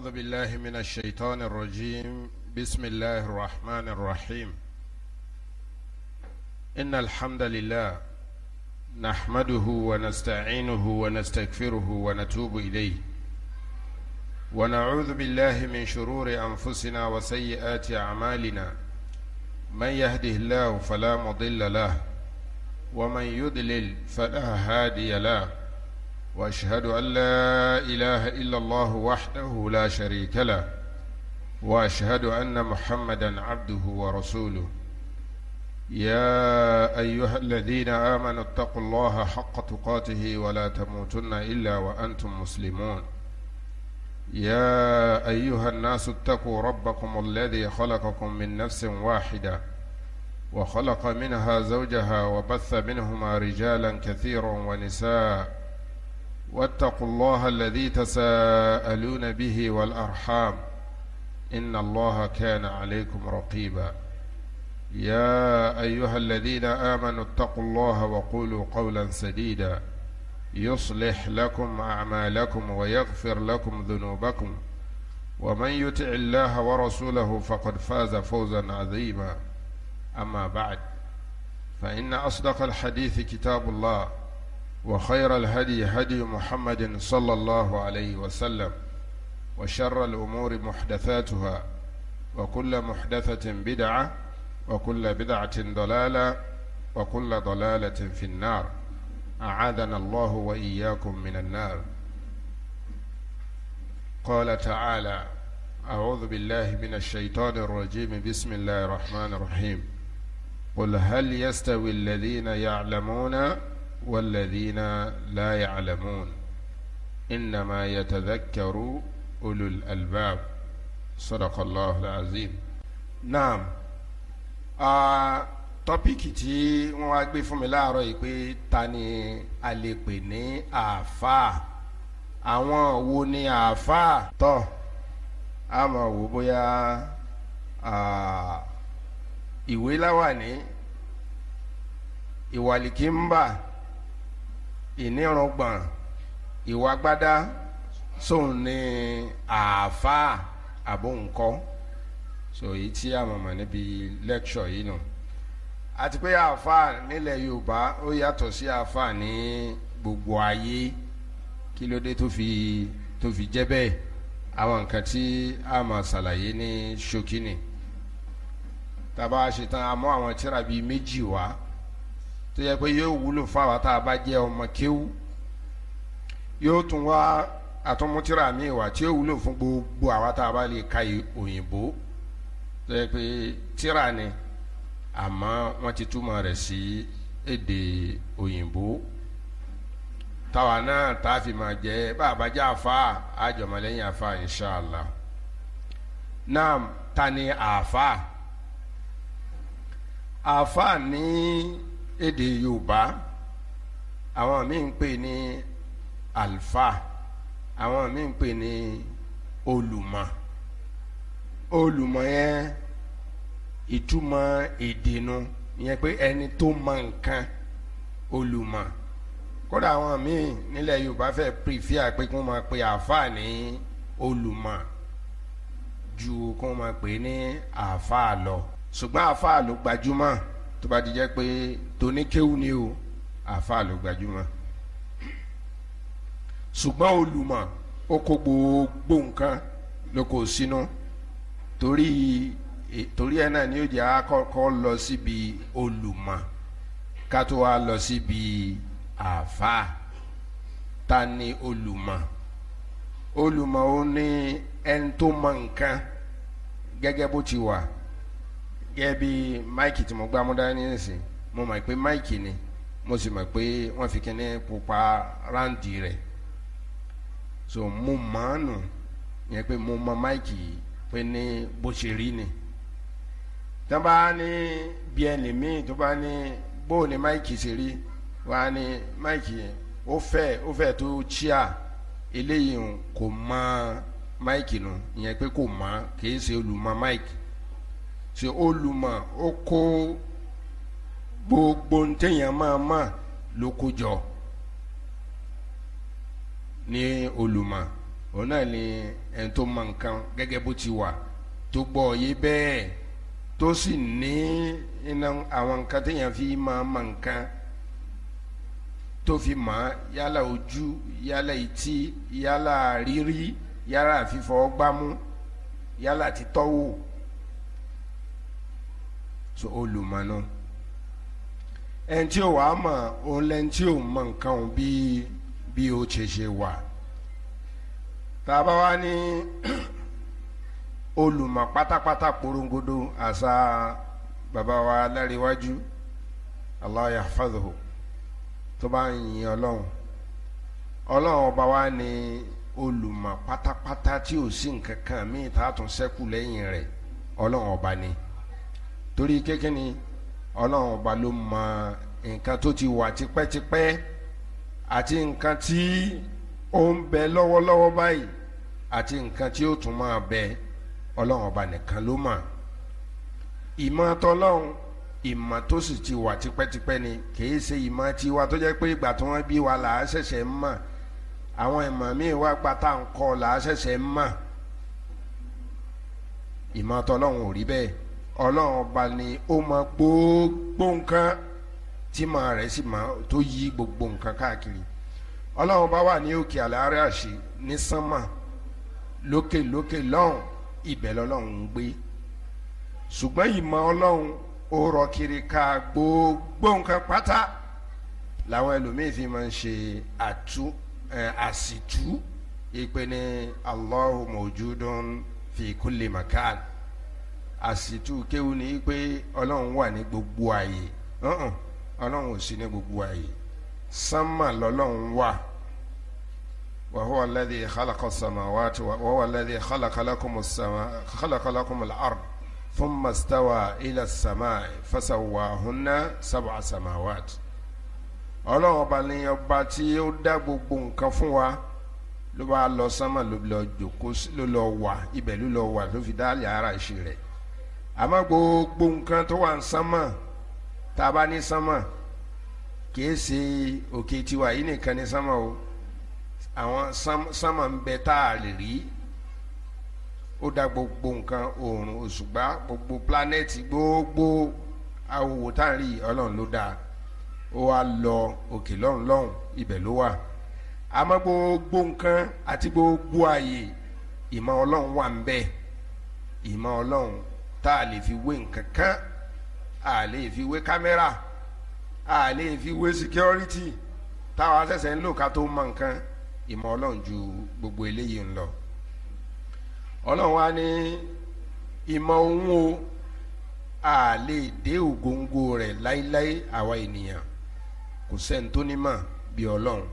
أعوذ بالله من الشيطان الرجيم بسم الله الرحمن الرحيم إن الحمد لله نحمده ونستعينه ونستغفره ونتوب إليه ونعوذ بالله من شرور أنفسنا وسيئات أعمالنا من يهده الله فلا مضل له ومن يضلل فلا هادي له واشهد ان لا اله الا الله وحده لا شريك له واشهد ان محمدا عبده ورسوله يا ايها الذين امنوا اتقوا الله حق تقاته ولا تموتن الا وانتم مسلمون يا ايها الناس اتقوا ربكم الذي خلقكم من نفس واحده وخلق منها زوجها وبث منهما رجالا كثيرا ونساء واتقوا الله الذي تساءلون به والأرحام إن الله كان عليكم رقيبا يا أيها الذين آمنوا اتقوا الله وقولوا قولا سديدا يصلح لكم أعمالكم ويغفر لكم ذنوبكم ومن يطع الله ورسوله فقد فاز فوزا عظيما أما بعد فإن أصدق الحديث كتاب الله وخير الهدي هدي محمد صلى الله عليه وسلم وشر الأمور محدثاتها وكل محدثة بدعة وكل بدعة ضلالة وكل ضلالة في النار أعاذنا الله وإياكم من النار قال تعالى أعوذ بالله من الشيطان الرجيم بسم الله الرحمن الرحيم قل هل يستوي الذين يعلمون والذين لا يعلمون إنما يتذكر أولو الألباب صدق الله العظيم نعم آه tọ́píìkì tí wọ́n wá gbé fún mi láàárọ̀ yìí pé ta ni a lè pè ní àáfàá àwọn wo ni àáfàá tọ́ a máa wò bóyá ìwé láwà ní ìwàlìkí ń bà ìnírùngbọ̀n ìwà gbádá sóun ní àáfàá àbóǹkọ́ so èyí tí a mọ̀mọ́ níbi lẹ́kṣọ̀ yìí nù àti pé àáfàá nílẹ̀ Yorùbá ó yàtọ̀ sí àáfàá ní gbogbo ayé kí ló dé tó fi tó fi jẹ́ bẹ́ẹ̀ àwọn nǹkan tí a máa ṣàlàyé ní ṣókí tàbá ṣetán a mú àwọn tíra bíi méjì wá tó yẹ pé yóò wúlò fún àwa tá a bá jẹ́ ọmọ kéwú yóò tún wá àtúmútìrà mi wà tí yóò wúlò fún gbogbo àwa tá a bá lè ka òyìnbó tó yẹ pé tírà ni àmọ́ wọ́n ti túmọ̀ rẹ̀ sí èdè òyìnbó táwa náà tá a fi máa jẹ́ bàbá jẹ́ àfa àjọmọ́lẹ́yìn àfa inshàlá náà ta ni àfa àfa ní. Ni èdè Yorùbá àwọn míì ń pè ní alfa àwọn míì ń pè ní olùmọ̀ olùmọ̀ yẹn ìtumọ̀ èdè nu ìyẹn pé ẹni tó mọ nǹkan olùmọ̀ kódà àwọn míì nílẹ̀ Yorùbá fẹ́ pìrìfíà pé máa pe àáfàá ní olùmọ̀ ju kí wọ́n máa pè ní àáfàá lọ ṣùgbọ́n àáfàá ló gbajúmọ̀ tó bá ti jẹ́ pé toníkéwù ni o àáfàá ló gbajúmọ̀ ṣùgbọ́n olùmọ̀ ó kó gbogbo nǹkan ló kó sínú torí e, torí ẹ náà ni ó jẹ́ àkọ́kọ́ lọ síbi olùmọ̀ ká tó wá lọ síbi àáfàá ta ni olùmọ̀ olùmọ̀ ó ní ẹni tó mọ nǹkan gẹ́gẹ́ bó ti wà gẹ́gẹ́ bí máìkì tí mo gbá mú dání nísìn mo mọ̀ pé máìkì ni mo sì mọ̀ pé wọ́n fi kíní pupa ráǹdì rẹ̀ so mo mọ̀ ọ́n nù yẹn pé mo mọ̀ máìkì pé ní bó ṣe rí ni tó bá ní bí ẹnì míì tó bá ní bó ni máìkì ṣe rí wá ní máìkì ó fẹ́ ó fẹ́ tó chíà eléyìí kò mọ̀ máìkì nù yẹn pé kò mọ̀ kì í ṣe olùmọ̀ máìkì ṣe olùmọ̀ ó kó gbogbo ntẹ̀yàn máa mà ló kó jọ ní olùmọ̀ òun náà ni ẹni tó mọ nǹkan gẹ́gẹ́ bó ti wà tó gbọ́ yé bẹ́ẹ̀ tó sì ní àwọn nǹkan tẹ̀yàn fi máa mọ nǹkan tó fi mọ̀ yálà ojú yálà etí yálà rírí yálà fífọ́ gbámú yálà títọ́wò so olùmọ̀ náà ẹn tí o wà á mọ̀ òun lẹ́n tí o mọ̀ nǹkan o bí bí o ṣe ṣe wà tá a bá wá ní olùmọ̀ pátápátá porongodo àṣà bàbá wa aláríwájú Allah yahfazuhu tó bá ń yin ọlọ́run ọlọ́run ọba wa ni olùmọ̀ pátápátá tí ò sí nǹkan kan míì tá a tún ṣẹ́kù lẹ́yìn rẹ̀ ọlọ́run ọba ni torí ni, ọlọ́run ọba ló mọ nǹkan tó ti wà tipẹ́tipẹ́ àti nǹkan tí ó ń bẹ lọ́wọ́lọ́wọ́ báyìí àti nǹkan tí ó tún máa bẹ ọlọ́run ọba nìkan ló mọ̀ ìmọ̀ tọlọ́run ìmọ̀ tó sì ti wà tipẹ́tipẹ́ ni kìí ṣe ìmọ̀ tiwa tó jẹ́ pé ìgbà tí wọ́n bí wa là á ṣẹ̀ṣẹ̀ ń mọ̀ àwọn ìmọ̀ míì wá gba tá à ń kọ́ là á ṣẹ̀ṣẹ̀ ń mọ̀ ìmọ̀ tọlọ́run ò rí bẹ́ẹ̀ ọlọ́run ọba ni ó mọ gbogbo nǹkan tí màá rẹ̀ sì máa tó yí gbogbo nǹkan káàkiri ọlọ́run ọba wà ní òkè àlàárẹ̀ àṣì ní sánmà lókè lókè lọ́hùn ibẹ̀ lọ́lọ́run ń gbé ṣùgbọ́n ìmọ̀ ọlọ́run ó rọ kiri ká gbogbo nǹkan pátá làwọn ẹlòmíín fi máa ń ṣe àtú àsìtú ìpè ní Allahu fi kulli makan àsìtú kéwu ni pé ọlọ́run wà ní gbogbo àyè ọlọ́run ò sí ní gbogbo àyè sánmà lọ́lọ́run wà wa huwa alladhi khalaqa samawati wa huwa alladhi khalaqa lakumus sama khalaqa lakumul ard thumma istawa ila samai fasawwahunna sab'a samawat ọlọ́run ọba ni ọba tí ó dá gbogbo nǹkan fún wa ló bá lọ sánmà ló lọ jòkó ló lọ wà ibẹ̀ ló lọ wà ló fi dá àlè ara ìṣe rẹ̀ àmọ́ gbogbo nǹkan tó wà ń sánmọ̀ tá a bá ní sánmọ̀ kìí ṣe òkè tiwa yìí nìkan ní sánmọ̀ o àwọn sánmọ̀ ń bẹ tá a lè rí ó dá gbogbo nǹkan oòrùn òṣùgbà gbogbo pílánẹ́ẹ̀tì gbogbo awòwò tá a rí ọlọ́run ló dáa ó wá lọ òkè lọ́run lọ́run ibẹ̀ ló wà àmọ́ gbogbo nǹkan àti gbogbo ààyè ìmọ̀ ọlọ́run wà ń bẹ ìmọ̀ ọlọ́run tá a lè fi wé nǹkan kan a lè fi wé kámẹ́rà a lè fi wé síkírọ́rìtì táwa ṣẹ̀ṣẹ̀ ń lò ká tó mọ nǹkan ìmọ̀ ọlọ́run ju gbogbo eléyìí ń lọ ọlọ́run wa ní ìmọ̀ ohun o a lè dé ògóńgó rẹ̀ láíláí àwa ènìyàn kò sẹ́ni tó ní mọ̀ bí ọlọ́run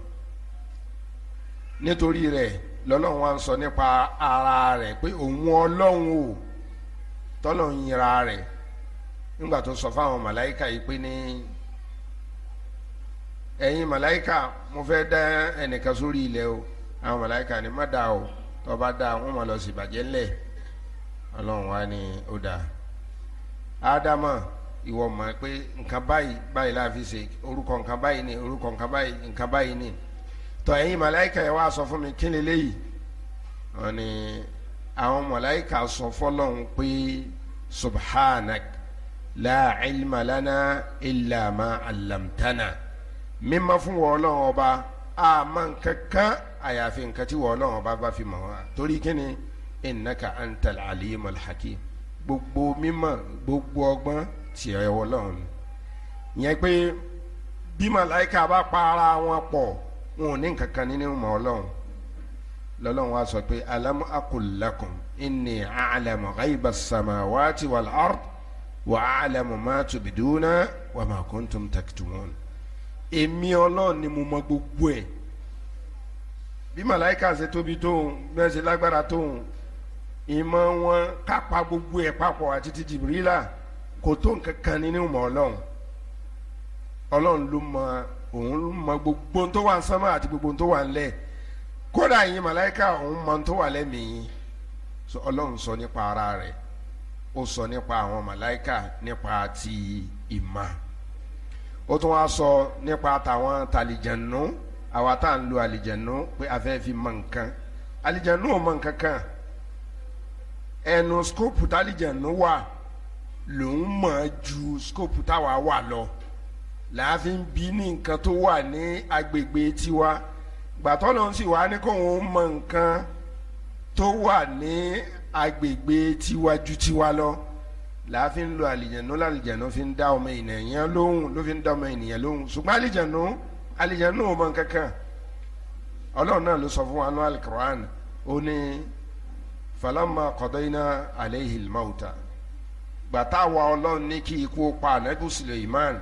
nítorí rẹ̀ lọ́lọ́run wa ń sọ nípa ara rẹ̀ pé òun ọlọ́run o. tọ́lọ̀ ń yira rẹ̀ nígbà tó sọ fáwọn màláìka yìí pé ní ẹ̀yin màláìka mo fẹ́ dá ẹnìkan sórí ilẹ̀ o àwọn màláìka ni má dá o tó bá lọ sí ìbàjẹ́ ńlẹ̀ ọlọ́run wa ni ó dáa ádámà ìwọ mọ̀ pé nǹkan báyìí báyìí ṣe orúkọ nǹkan báyìí ni orúkọ nǹkan báyìí nǹkan báyìí ni tọ́ ẹ̀yin màláìka sọ fún mi kí ni wọ́n àwọn mọ̀láìkà sọ fọlọ́hún pé subhanak la ilma lana illa ma alamtana mímọ́ fún wọ́n ọlọ́run ọba a máa ń kankan àyàfi nǹkan tí wọ́n ọlọ́run ọba bá fi mọ̀ wá torí kíni innaka antal alimul hakim gbogbo mímọ̀ gbogbo ọgbọ́n tí ẹ wọ yẹn pé bí màláìka bá pa wọn pọ̀ wọn ò ní nǹkan nínú mọ̀ lọ́lọ́run wa sọ pé alam aqul lakum inni a'lamu ghaiba samawati wal ard wa a'lamu ma tubiduna wa ma kuntum taktumun èmi ọlọ́run ni mo mọ gbogbo ẹ̀ bí màláìka ṣe tóbi tóun bí ṣe lágbára tóun ìmọ̀ wọn kápá gbogbo ẹ̀ papọ̀ àti ti jìbìrìlà kò tó nǹkan kan ìmọ̀ ọlọ́run ọlọ́run ló mọ òun ló mọ gbogbo tó wà ń àti gbogbo tó wà ń lẹ̀ kódà yín màláìka òun mọ tó wà lẹ́mìí ọlọ́run sọ nípa ara rẹ̀ ó sọ nípa àwọn màláìka nípa ti ìmọ̀ ó tún wá sọ nípa tàwọn tàlìjẹ̀nù àwa tá à ń lo àlìjẹ̀nù pé a fẹ́ fi mọ nǹkan àlìjẹ̀nù ò mọ nǹkan kan ẹnu skopu tàlìjẹ̀nù wà lòun mọ̀ ju skopu táwa wà lọ làá fi ń bí ní nǹkan tó wà ní agbègbè tiwa gbàtọ́ ló ń sì wá ní kóun mọ nǹkan tó wà ní agbègbè tiwájú tiwa lọ láàfin lo àlìjẹ̀nú lálìjẹ̀nú fi ń dá ọmọ ènìyàn lóhùn ló fi ń dá ọmọ ènìyàn lóhùn ṣùgbọ́n àlìjẹ̀nú àlìjẹ̀nú ò mọ nǹkan kan ọlọ́run náà ló sọ fún wa ní alukoran ó ní falama kọ́dọ́yìnà aleyhi mauta gbàtà wa ọlọ́run ní kí ikú pa anabi suleiman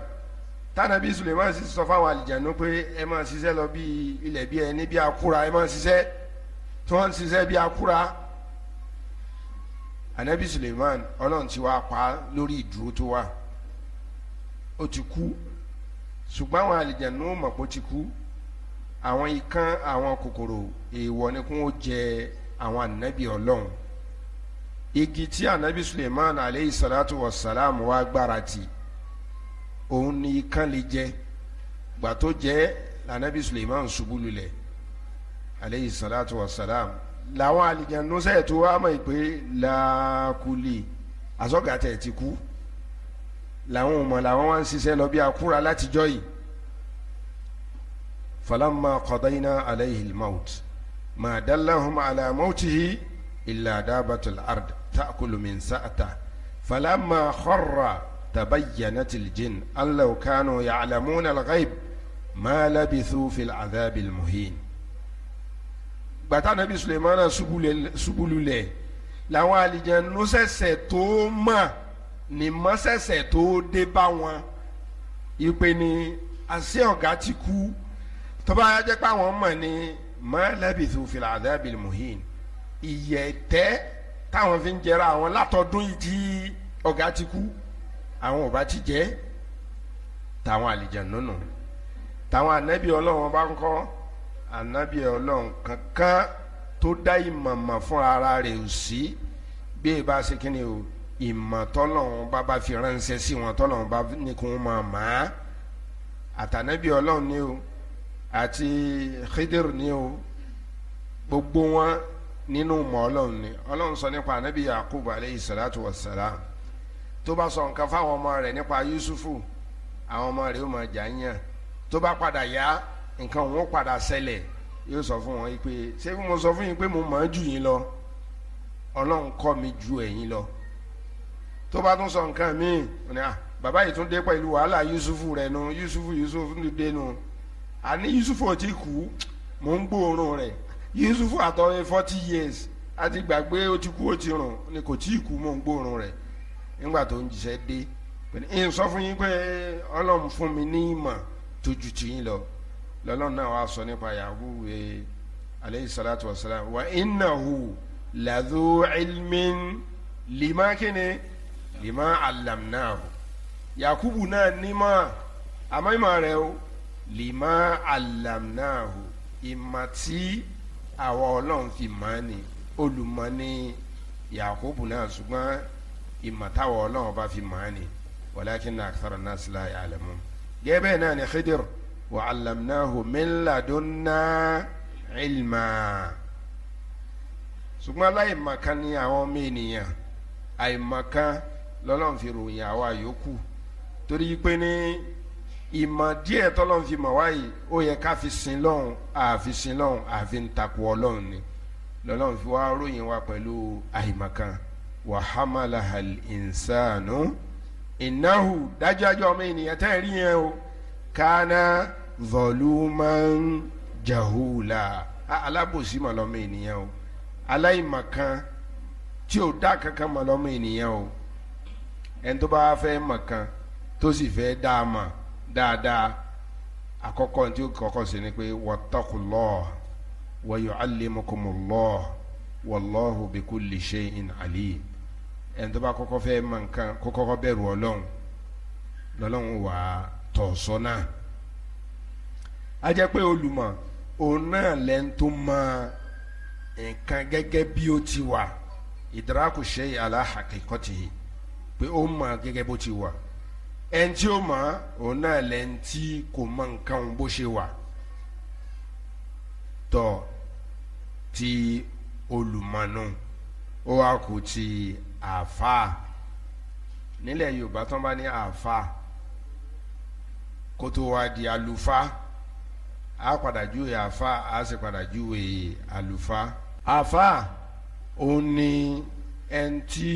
tánàbí Suleiman sì sọ fáwọn àlìjánu pé ẹ máa ṣiṣẹ́ lọ bí ilẹ̀ bí ẹni bí akúra ẹ máa ṣiṣẹ́ tí wọ́n ń ṣiṣẹ́ bí akúra anabi Suleiman ọlọ́run ti wá pa lórí ìdúró tó wà ó ti kú ṣùgbọ́n àwọn àlìjánu mọ̀ pé ó ti kú àwọn ikán àwọn kòkòrò èèwọ̀ ni kún ó jẹ àwọn anabi ọlọ́run igi tí anabi Suleiman aleyhi salatu wa salam wá gbára tì í òun ni ikán lè jẹ gbà tó jẹ lànàbí Suleiman ṣubú lulẹ̀ aleyhi salatu wa salam làwọn àlìjànú sẹ́ẹ̀ tó wá mọ̀ pé làákùlì àsọ̀gàtẹ̀ ti kú làwọn ọmọ làwọn wá ń ṣiṣẹ́ lọ bí akúra látijọ́ yìí falamma qadayna alayhi maut ma dallahum ala mautihi illa dabatul ard ta'kulu min sa'ata falamma تبينت الجن an law kanu ya'lamuna alghayb ma labithu fil adhabi almuhin gbàtà nabi sulemana subululẹ làwọn àlìjẹnu ṣẹ̀ṣẹ̀ tó mọ̀ ní mọṣẹṣẹ tó dé bá wọn ìpè ní àṣẹ ọ̀gá ti kú tọba ajẹ pé àwọn mọ̀ ní ma labithu fil adhabi almuhin ìyẹtẹ táwọn fi ń jẹra àwọn látọdún yìí tí ọ̀gá ti kú àwọn ò bá ti jẹ́ tàwọn àlìjànnú nù tàwọn ànábì ọlọ́run bá ń kọ́ ànábì ọlọ́run kankan tó dá ìmọ̀mọ̀ fún ara rẹ̀ ò sí bí e bá ṣe kíni o ìmọ̀ bá bá fi ránṣẹ́ sí wọn tọ́lọ́run bá ní kí wọ́n máa mọ̀ á àtànábì ọlọ́run ni o àti Khidir ni o gbogbo wọn nínú mọ́ ọlọ́run ni ọlọ́run sọ nípa ànábì Yakub aleyhi salatu wa salam tó bá sọ nǹkan fáwọn ọmọ rẹ̀ nípa Yusufu àwọn ọmọ rẹ̀ ó máa jà ń yàn tó bá padà yá nǹkan òun ó padà ṣẹlẹ̀ yóò sọ fún wọn pé ṣé mo sọ fún yín pé mo máa jù yín lọ Ọlọ́run kọ́ mi ju ẹ̀yin lọ tó bá tún sọ nǹkan míì ní à bàbá yìí tún dé pẹ̀lú wàhálà Yusufu rẹ̀ nu Yusufu Yusufu ń dé àní Yusufu ò ti kú mò ń gbóòórùn rẹ̀ Yusufu àtọ́wé forty years àti gbàgbé ó ti kú ó ti rùn ni kò tí ì kú mò ń gbóòórùn rẹ̀ nígbà tó ń jíṣẹ́ dé ń sọ fún yín pé ọlọ́run fún mi ní ìmọ̀ tó ju ti yín lọ lọ́lọ́run náà wàá sọ nípa Yaqub aleyhi salatu wa salam wa innahu ladhu ilmin lima kini lima alamnahu Yakubu náà nímọ̀ àmọ́ ìmọ̀ rẹ̀ o lima alamnahu ìmọ̀ tí àwa ọlọ́run fi mọ̀ ni olùmọ̀ ni Yakubu náà ṣùgbọ́n ìmọ̀ táwọn ọlọ́run bá fi mọ̀ á ni walakinna akthara nasi la ya'lamun. gẹ́gẹ́ náà ni Khidir wa 'allamnahu min ladunna ilma. ṣùgbọ́n aláìmọ̀kan ni àwọn ọmọ ènìyàn àìmọ̀kan lọ́lọ́run fi ròyìn àwa yòókù torí pé ní ìmọ̀ díẹ̀ tọ́lọ́run fi mọ̀ wáyé ó yẹ ká fi sin lọ́hùn àfi sin lọ́hùn àfi ń takò ọlọ́run ni lọ́lọ́run fi wá ròyìn wa pẹ̀lú àìmọ̀kan wa hamalaha al-insanu innahu dájúdájú ọmọ ènìyàn tẹ́ ẹ̀ rí yẹn o kana zọlúmọ́n jahula alábòsí mà lọ́mọ ènìyàn o aláìmọ̀kan tí ò dá kankan mà lọ́mọ ènìyàn o ẹni tó bá fẹ́ mọ̀kan tó sì fẹ́ dá a mọ̀ dáadáa àkọ́kọ́ tí ó kọ́kọ́ sí ni pé wattaqullah wa yu'allimukumullah wallahu bikulli shay'in alim ẹni tó bá kọ́kọ́ fẹ́ mọ nǹkan kó kọ́kọ́ bẹ̀rù ọlọ́run lọ́lọ́run wà á tọ̀ sọ́nà a jẹ́ pé olùmọ̀ òun náà lẹ́ni tó mọ nǹkan gẹ́gẹ́ bí ó ti wà ìdárakù ṣe ala haqiqatihi pé ó mọ gẹ́gẹ́ bó ti wà ẹni tí ó mọ òun náà lẹ́ni tí kò mọ nǹkan bó ṣe wà tọ̀ ti olùmọ̀ nù ó wá kù ti àáfàá nílẹ̀ yorùbá tán bá ní àáfàá kó tó wá di àlùfáà á padà júwe àáfàá á sì padà júwe àlùfáà àáfàá òun ni ẹni tí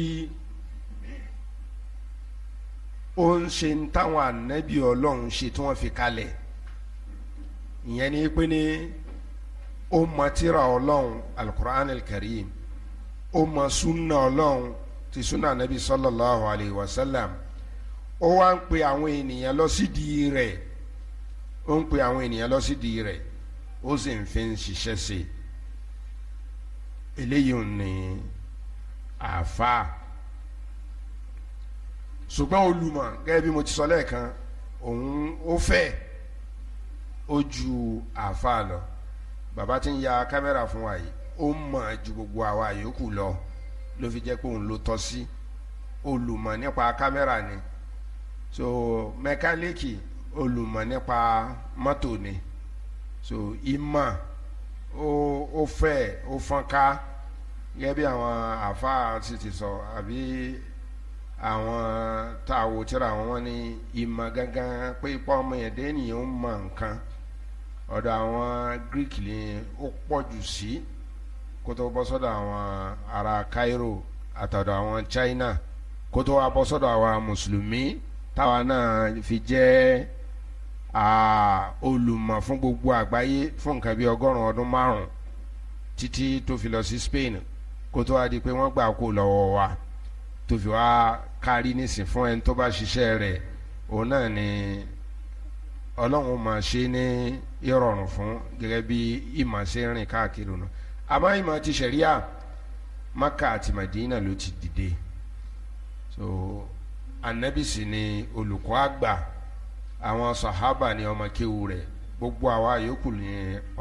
ó ń ṣe táwọn ànábì ọlọ́run ṣe tí wọ́n fi kalẹ̀ ìyẹn ni pé ní ó mọ tírà ọlọ́run alukur'an alkarim ó mọ súnà ọlọ́run ti sunna nabi sallallahu Alaihi wa sallam ó wá ń pe àwọn ènìyàn lọ sídìí rẹ̀ ó ń pe àwọn ènìyàn lọ sídìí rẹ̀ ó sì ń fi ń ṣiṣẹ́ sí i eléyìí ni àáfàá ṣùgbọ́n olùmọ̀ gẹ́gẹ́ bí mo ti sọ lẹ́ẹ̀kan òun ó fẹ́ ó ju àáfàá lọ bàbá tí ń ya kámẹ́rà fún wa yìí ó mọ̀ ju gbogbo àwa yòókù lọ ló fi jẹ́ pé òun ló tọ́ sí olùmọ̀ nípa kámẹ́rà ni so mẹkáníìkì olùmọ̀ nípa mọ́tò ni so ìmọ̀ ó ó fẹ̀ ó fọ́n ká gẹ́gẹ́ bí àwọn àfáà sì ti sọ àbí àwọn tá a wò tíra wọn ní ìmọ̀ gangan pé ipò ọmọ yẹn dé nìyẹn ń mọ nǹkan ọ̀dọ̀ àwọn greek ni ó pọ̀ jù sí. Si kó tó bọ́ sọ́dọ̀ àwọn ará Cairo àtọ̀dọ̀ àwọn China kó tó wá bọ́ sọ́dọ̀ àwa mùsùlùmí táwa náà fi jẹ́ olùmọ̀ fún gbogbo àgbáyé fún nǹkan bíi ọgọ́rùn-ún ọdún márùn-ún títí tó fi lọ sí Spain kó tó di pé wọ́n gbà kó lọ́wọ́ wa tó fi wá kárí nísìn fún ẹni tó bá ṣiṣẹ́ rẹ̀ òun náà ni ọlọ́run máa ṣe ní ìrọ̀rùn fún gẹ́gẹ́ bí ìmọ̀ ṣe ń rìn káàkiri náà àmọ́ ìmọ̀ ti ṣẹ̀ríà maka àti madina ló ti dìde so anabisi sì ni olùkọ́ àgbà àwọn sahaba ni ọmọ kéwu rẹ̀ gbogbo àwa yòókù ni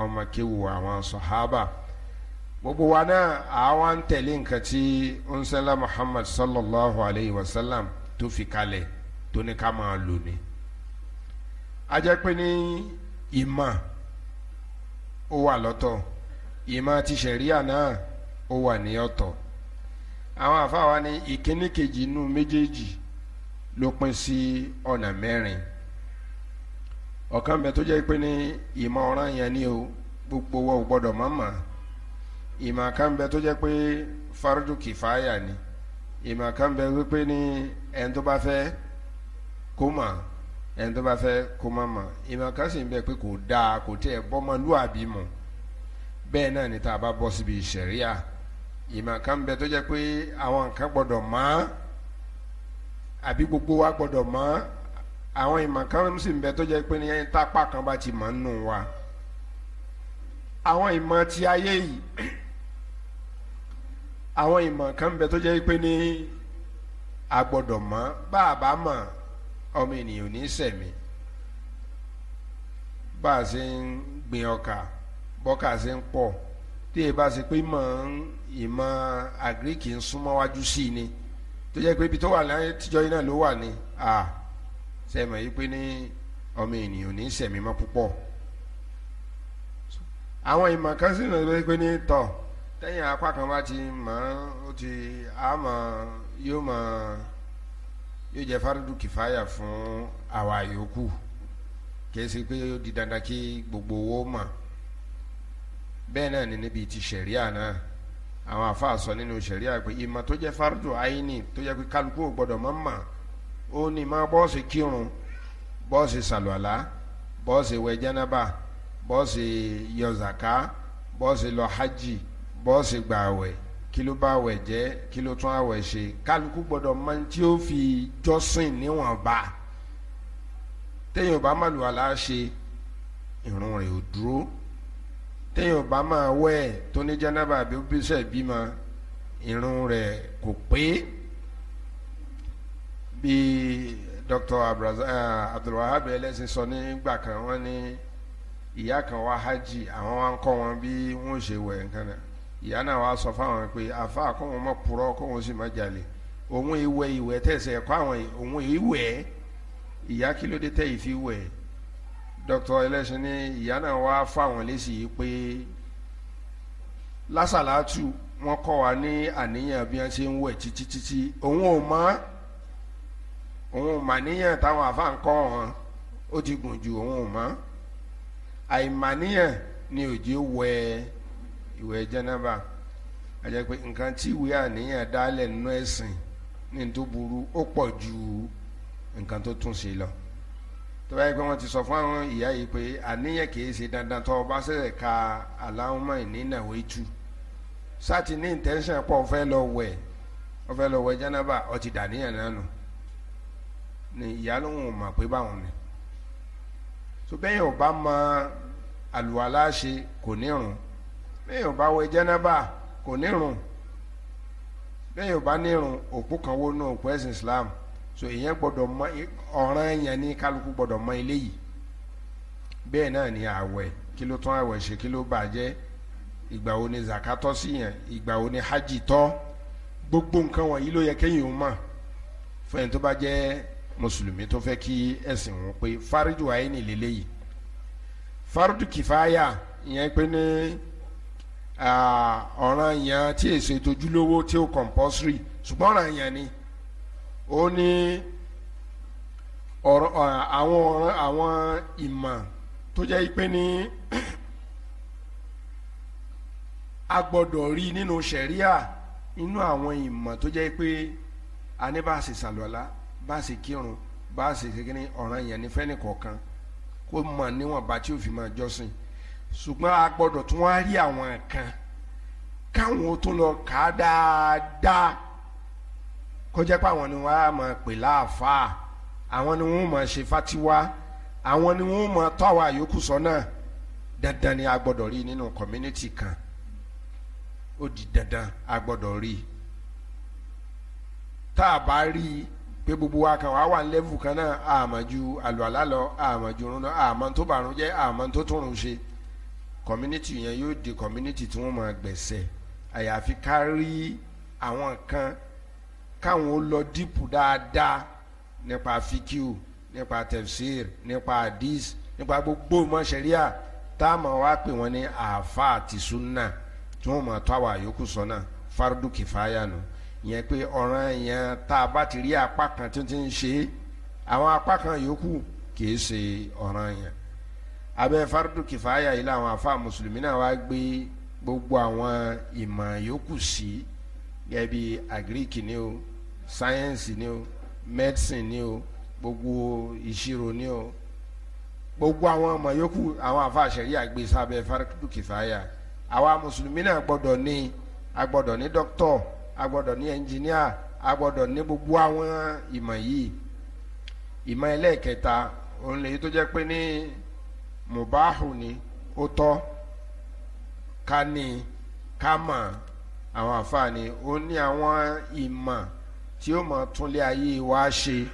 ọmọ kéwu àwọn sahaba gbogbo wa náà àwa ń tẹ̀lé nǹkan tí ọ̀nsẹ́lá muhammad sallallahu alayhi wa sallam tó fi kalẹ̀ tó ní ká máa lò ní. a jẹ́ pé ní ìmọ̀ ó wà lọ́tọ̀. ìmọ̀ ti ṣẹ̀ríà náà ó wà ní ọ̀tọ̀ àwọn àfáwa ní ìkíní kejì inú méjèèjì ló pín sí ọ̀nà mẹ́rin ọ̀kan bẹ tó jẹ́ pé ní ìmọ̀ ni o gbogbo wa ò gbọ́dọ̀ má mà ìmọ̀ kan bẹ tó ni ìmọ̀ kan bẹ wípé ní ẹni tó bá fẹ́ kó mà ẹni tó bá fẹ́ kó má mà ìmọ̀ kan sì ń bẹ́ẹ̀ náà ni tá a bá bọ́ síbi ìṣẹ̀ríà ìmọ̀ kan bẹ tó jẹ́ pé àwọn nǹkan gbọ́dọ̀ mọ́ àbí gbogbo wa gbọ́dọ̀ mọ́ àwọn ìmọ̀ kan sì ń bẹ tó jẹ́ pé ní tápá kan bá ti mọ̀ nínú wa àwọn ìmọ̀ ti ayé yìí àwọn ìmọ̀ kan bẹ tó jẹ́ pé ní agbọ́dọ̀ mọ̀ bá a bá mọ̀ ọmọ ènìyàn ní sẹ̀mí bá a ṣe ń gbin ọkà bọ́kà ṣe ń pọ̀ tí èyí bá ṣe pé ìmọ̀ ìmọ̀ àgíríkì ń súnmọ́ wájú sí i ni tó jẹ́ pé ibi tó wà láyé tíjọ́ yìí náà ló wà ní à sẹ́mọ̀ yìí pé ní ọmọ ènìyàn ní sẹ̀mí mọ́ púpọ̀ àwọn ìmọ̀ kan sì rìn pé ní tọ̀ tẹ́yìn apá kan bá ti mọ̀ ó ti àmọ̀ yóò mọ̀ yóò jẹ́ fárúdù kìfáyà fún àwa yòókù kì í ṣe pé ó di dandan kí gbogbo owó mọ̀ bẹ́ẹ̀ náà ni níbi ti ṣẹ̀ríà náà àwọn àfa sọ nínú ṣẹ̀ríà pé ìmọ̀ tó jẹ́ fardu àyíní tó jẹ́ pé kálukú ò gbọ́dọ̀ mọ́ mà ó ní máa bọ́ọ̀sì kírun bọ́ọ̀sì sàlùwàlá bọ́ọ̀sì wẹ̀ jánábà bọ́ọ̀sì yọzàká bọ́ọ̀sì lọ hajj bọ́ọ̀sì gbààwẹ̀ kí ló bá àwẹ̀ jẹ́ kí ló tún àwẹ̀ ṣe kálukú gbọ́dọ̀ mọ tí ó fi jọ́sìn níwọ̀nba téèyàn bá màlúwàlá ṣe téèyàn bá máa wẹ̀ tó ní jánábà àbí ó bí sẹ̀ bímọ irun rẹ̀ kò pé bí Dr. Eh, Abdulwahab ẹlẹ́sìn sọ nígbà kan wọ́n ní ìyá kan wá hajj àwọn wá ń kọ́ wọn bí wọ́n ṣe wẹ̀ nǹkan náà ìyá náà wá sọ fáwọn pé àfa kóun má purọ́ kóun sì má jalè òun ìwẹ̀ ìwẹ̀ tẹ̀sẹ̀ kọ́ àwọn òun ìwẹ̀ ìyá kí ló dé tẹ̀ ìfi wẹ̀ Dr. ẹlẹ́sìn ní ìyá náà wá fáwọn lésì yìí pé lásàlátù wọ́n kọ́ wa ní àníyàn bí wọ́n ṣe ń wẹ̀ títí títí òun ò mọ̀ òun ò mà níyàn táwọn àfáà ń kọ́ wọn ó ti gùn ju òun ò mọ̀ àìmàníyàn ni òjì wẹ̀ ìwẹ̀ jẹ́nàbà àjẹ́ pé nǹkan tí ìwé àníyàn dálẹ̀ nínú ẹ̀sìn ní tó burú ó pọ̀ ju nǹkan tó tún ṣe lọ tó bá yẹ pé wọ́n ti sọ fún àwọn ìyá yìí pé àníyàn kìí ṣe dandan tó o bá ṣẹ̀ṣẹ̀ ka aláwọ̀mọ́ ìnínàwó ìtú sáti ní intention pọ̀ ọ̀fẹ́ lọ wẹ̀ ọ̀fẹ́ lọ wẹ̀ jánábà ọtí dàníyàn náà nù ni ìyá ló ń mọ̀ pé báwọn ni tó bẹ́yìn ò bá mọ àlùwàlá ṣe kò ní rùn bẹ́yìn ò bá wẹ̀ jánábà kò ní rùn bẹ́yìn ò bá ní rùn òpó kan wó nù òpó ẹ̀sìn Islam so ìyẹn gbọ́dọ̀ mọ ọ̀ràn yẹn ní kálukú gbọ́dọ̀ mọ eléyìí bẹ́ẹ̀ náà ni àwẹ̀ kí ló tún àwẹ̀ ṣe kí ló bàjẹ́ ìgbà wo ni zaka tọ́ sí yẹn ìgbà wo ni hajj tọ́ gbogbo nǹkan wọ̀nyí ló yẹ kéyìn ó mọ̀ fún ẹni tó bá jẹ́ mùsùlùmí tó fẹ́ kí ẹ̀sìn wọn pé fárídù ayé ni lélẹ́yìí fárídù kìfáyà ìyẹn pé ní ọ̀ràn yẹn tí èso ìtọ́jú lówó tí ó compulsory ṣùgbọ́n ọ̀ràn yẹn ni ó ní ọ̀rọ̀ àwọn ọ̀rọ̀ àwọn ìmọ̀ tó jẹ́ pé ní a gbọ́dọ̀ rí nínú ṣẹ̀ríà nínú àwọn ìmọ̀ tó jẹ́ pé a ní bá a ṣe ṣàlùwàlá bá a ṣe kírun bá a ṣe kékeré ọ̀ràn yẹn ní fẹ́ni kọ̀ọ̀kan kó mọ̀ níwọ̀nba tí ó fi máa jọ́sìn ṣùgbọ́n a gbọ́dọ̀ tún wá rí àwọn kan káwọn tó lọ kà á dáadáa kó jẹ́ pé àwọn ni wọ́n á máa pè láàfáà àwọn ni wọ́n máa ṣe fatiwa àwọn ni wọ́n máa tọ́ àwa yòókù sọ́nà dandan ni a gbọ́dọ̀ rí nínú community kan ó di dandan a gbọ́dọ̀ rí tá a bá rí pé gbogbo wa kan wà wà ní level kan náà àmọ́ àlùalá lọ àmọ́ run lọ àmọ́ tó bàrún jẹ́ àmọ́ tó tún run ṣe community yẹn yóò di community tí wọ́n máa gbẹ̀sẹ̀ àyàfi ká rí àwọn kan káwọn ó lọ dípù dáadáa nípa fíkíù nípa tẹfsir nípa hadith nípa gbogbo mọ ṣẹríà tá a máa wá pè wọ́n ní àáfà àti sunna tí wọ́n máa tọ́ àwa yòókù sọ́nà fardu kìfáyà nù yẹn pé ọ̀ràn yẹn tá a bá ti rí apá kan tó ti ń ṣe àwọn apá kan yòókù kìí ṣe ọ̀ràn yẹn abẹ́ fardu kìfáyà yìí làwọn àáfà mùsùlùmí náà wá gbé gbogbo àwọn ìmọ̀ yòókù sí gẹ́gẹ́ bí agiriki ni o sáyẹ́nsì ni o medicine ni o gbogbo ìṣirò ni o gbogbo àwọn ọmọ yòókù àwọn àfàṣẹrí àgbè sábẹ́ fárúkú kìfáyà àwa mùsùlùmí náà gbọ́dọ̀ ní a gbọ́dọ̀ ní dókítọ̀ a gbọ́dọ̀ ní ẹnjìníà a gbọ́dọ̀ ní gbogbo àwọn ìmọ̀ yìí ìmọ̀ ẹlẹ́ẹ̀kẹta òun lèyí tó jẹ́ pé ní mubahu ni ó tọ́ ká ní ká mọ̀ àwọn àfààní ó ní àwọn ìmọ̀ tí ó máa túnlé ayé wa ṣe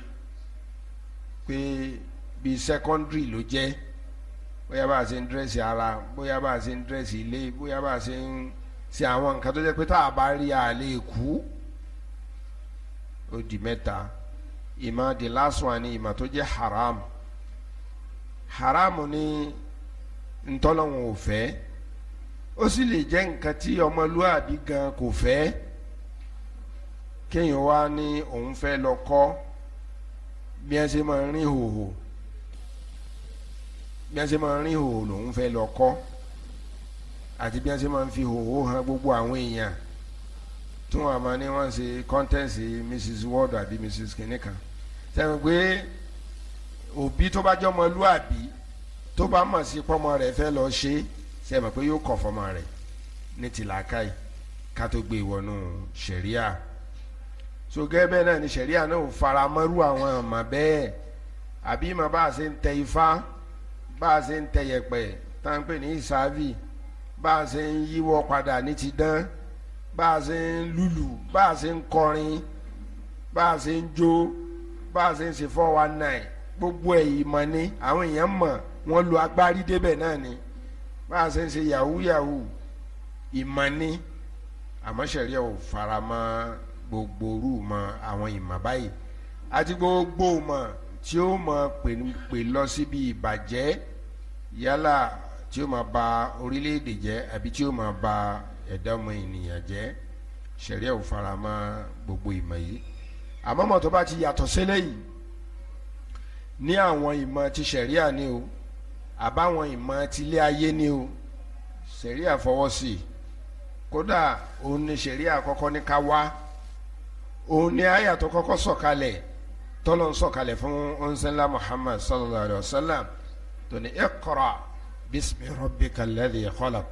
pé bíi secondary ló jẹ́ bóyá bá a ṣe ń dírẹ́sì ara bóyá bá a ṣe ń dírẹ́sì ilé bóyá bá a ṣe ń ṣe àwọn nǹkan tó jẹ́ pé tá a bá rí a lè kú ó di mẹ́ta ìmọ̀ the last one ni ìmọ̀ tó jẹ́ haram haram ni ntọ́lọ́hún ò fẹ́ ó sì lè jẹ́ nǹkan tí ọmọlúwàbí gan kò fẹ́ kéèyàn wá ní òun fẹ́ lọ kọ́ bí wọ́n ṣe máa ń rìn hòhò bí wọ́n ṣe máa ń rìn hòhò lòun fẹ́ lọ kọ́ àti bí wọ́n ṣe máa ń fi hòhò hàn gbogbo àwọn èèyàn tí wọ́n àmọ́ ní wọ́n ṣe kọ́ńtẹ́ǹsì Mrs Ward àbí Mrs kìnìkan sẹ́mi pé òbí tó bá jẹ́ ọmọlúàbí tó bá mọ̀ sí pọ́mọ rẹ̀ fẹ́ lọ ṣe sẹ́mi pé yóò kọ̀ fọ́mọ rẹ̀ ní tìlákàyè ká tó gbé ìwọ̀nù ṣẹ̀ríà so gẹ́gẹ́ bẹ́ẹ̀ náà ni sẹ̀ríà náà ò faramọ́rú àwọn àmà bẹ́ẹ̀ àbí mà bá a ṣe ń tẹ ifá bá a ṣe ń tẹ yẹ̀pẹ̀ tá à ń pè ní ìsáàvì bá a ṣe ń yíwọ́ padà ní ti dán bá a ṣe ń lùlù bá a ṣe ń kọrin bá a ṣe ń jó bá a ṣe ń ṣe four one nine gbogbo ẹ̀ ìmọ̀ ni àwọn èèyàn mọ̀ wọ́n lu agbárí débẹ̀ náà ni bá a ṣe ń ṣe yahoo yahoo ìmọ̀ ni àmọ́ sẹ̀ríà ò faramọ́ gbogbo orú mọ àwọn ìmọ̀ báyìí àti gbogbo mọ̀ tí ó mọ pè lọ síbi ìbàjẹ́ yálà tí ó máa ba orílẹ̀-èdè jẹ́ àbí tí ó máa ba ẹ̀dá ọmọ ènìyàn jẹ́ ṣẹ̀ríà ò fara mọ́ gbogbo ìmọ̀ yìí àmọ́ mọ̀ tó bá ti yàtọ̀ sílẹ̀ yìí ní àwọn ìmọ̀ ti ṣẹ̀ríà ni o àbáwọn ìmọ̀ tilé ayé ni o ṣẹ̀ríà fọwọ́ sí i kódà òun ni ṣẹ̀ríà kọ́kọ́ ní ká wá òun ni àyà tó kọ́kọ́ sọ̀kalẹ̀ tọ́lọ̀ ń sọ̀kalẹ̀ fún ọ̀nsẹ́lá muhammad sallallahu alayhi wa sallam tó ní iqra bismi rabbika alladhi khalaq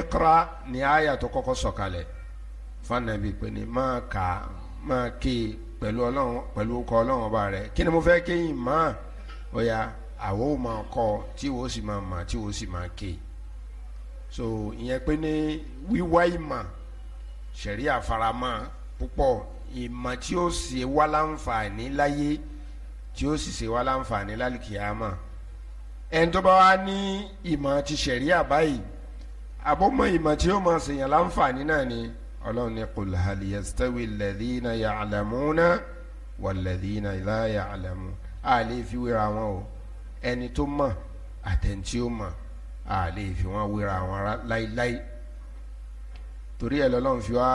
iqra ni àyà tó kọ́kọ́ sọ̀kalẹ̀ fanabi pé ni máa kà máa ké pẹ̀lú ọlọ́run pẹ̀lú ọkọ̀ ọlọ́run ọba rẹ̀ kí mo fẹ́ kéyìn mọ́ ọ ya àwo máa kọ́ wo sì máa mà tí wo sì máa ké so ìyẹn pé ní wíwá ìmọ̀ sẹ̀ríà faramọ́ púpọ̀ ìmọ̀ tí ó ṣe wá láǹfààní láyé tí ó sì ṣe wá láǹfààní lálùkìyàmà ẹni tó bá wá ní ìmọ̀ ti ṣẹ̀ríà báyìí àbọ̀mọ̀ ìmọ̀ tí ó máa ṣèyàn láǹfààní náà ni ọlọ́run ní qul hal yastawi alladhina ya'lamuna walladhina la ya'lamun a lè fi wéra wọn o ẹni tó mọ̀ àtẹ̀ntí ó mọ̀ a lè fi wọn wéra wọn láíláí torí ẹ̀ lọ́lọ́run fi wá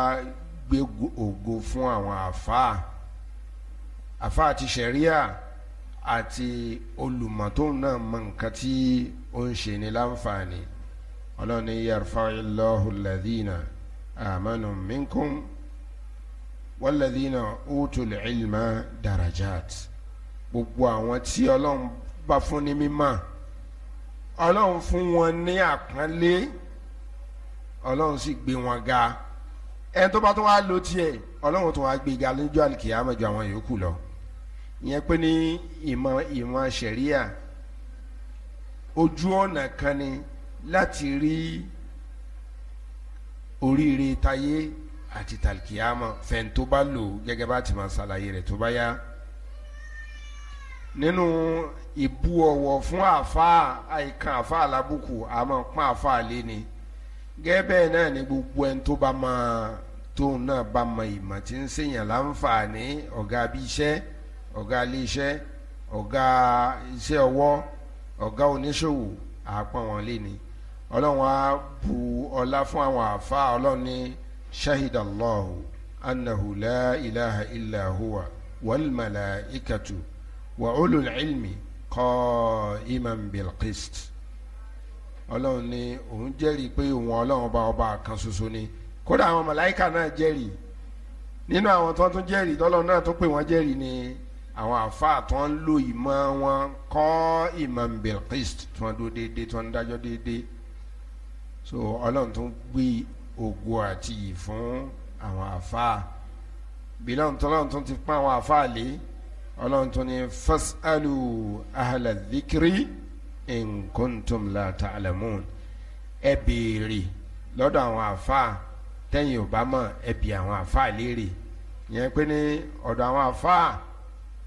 gbé ògo fún àwọn àfáà àfáà ti ṣẹ̀ríà àti olùmọ̀tóun náà mọ nǹkan tí ó ń ṣe ní láǹfààní ọlọ́run ní yarfa'illahu alladhina amanu minkum walladhina utul ilma darajat gbogbo àwọn tí ọlọ́run bá fún ní mímọ́ ọlọ́run fún wọn ní àpọ́nlé ọlọ́run sì gbé wọn ga ẹni tó bá tó wá lo tiẹ̀ ọlọ́run tó wá gbé ga àlìkìyà mẹ́jọ àwọn yòókù lọ ìyẹn pé ní ìmọ̀ ìmọ̀ ṣẹ̀ríà ojú ọ̀nà kan ni láti rí oríire tayé àti tàlìkìyàmọ̀ fẹ́ni tó bá lò gẹ́gẹ́ bá ti máa ṣàlàyé rẹ̀ tó bá yá nínú ìbu ọ̀wọ̀ fún àáfàá àìkan àáfàá alábùkù àmọ́ pọ́n àáfàá lé ni gẹ́gẹ́ bẹ́ẹ̀ náà ni gbogbo ẹni tó bá máa tóun náà bá mọ ìmọ̀ tí ń ṣèyàn láǹfààní ọ̀gá bí iṣẹ́ ọ̀gá ilé iṣẹ́ ọ̀gá iṣẹ́ ọwọ́ ọ̀gá oníṣòwò àápọn wọn lé ni ọlọ́run á bu ọlá fún àwọn àáfàá ọlọ́run ní shahid allah annahu la ilaha illa huwa wal malaikatu wa ulul ilmi qa'iman bil qist ọlọ́run ni òun jẹ́rìí pé òun ọlọ́run ọba ọba kan ṣoṣo ni kódà àwọn màláìkà náà jẹ́rìí nínú àwọn tó tún jẹ́rìí tọ́lọ́run náà tó pè wọ́n jẹ́rìí ni àwọn àfáà tó ń lo ìmọ̀ wọn kọ́ ìmọ̀ bilqist tí wọ́n dúró déédéé tí wọ́n ń dájọ́ déédéé so ọlọ́run tó ń gbé ògo àti iyì fún àwọn àfáà bílọ̀n tọ́lọ́run tó ti pọ́n àwọn àfáà lé ọlọ́run tó ní fasalu ahlal dhikri in kuntum la ta'lamun ẹ béèrè lọ́dọ̀ àwọn àfáà tẹ́yìn ò bá mọ̀ ẹ bi àwọn àfáà léèrè yẹn pé ní ọ̀dọ̀ àwọn àfáà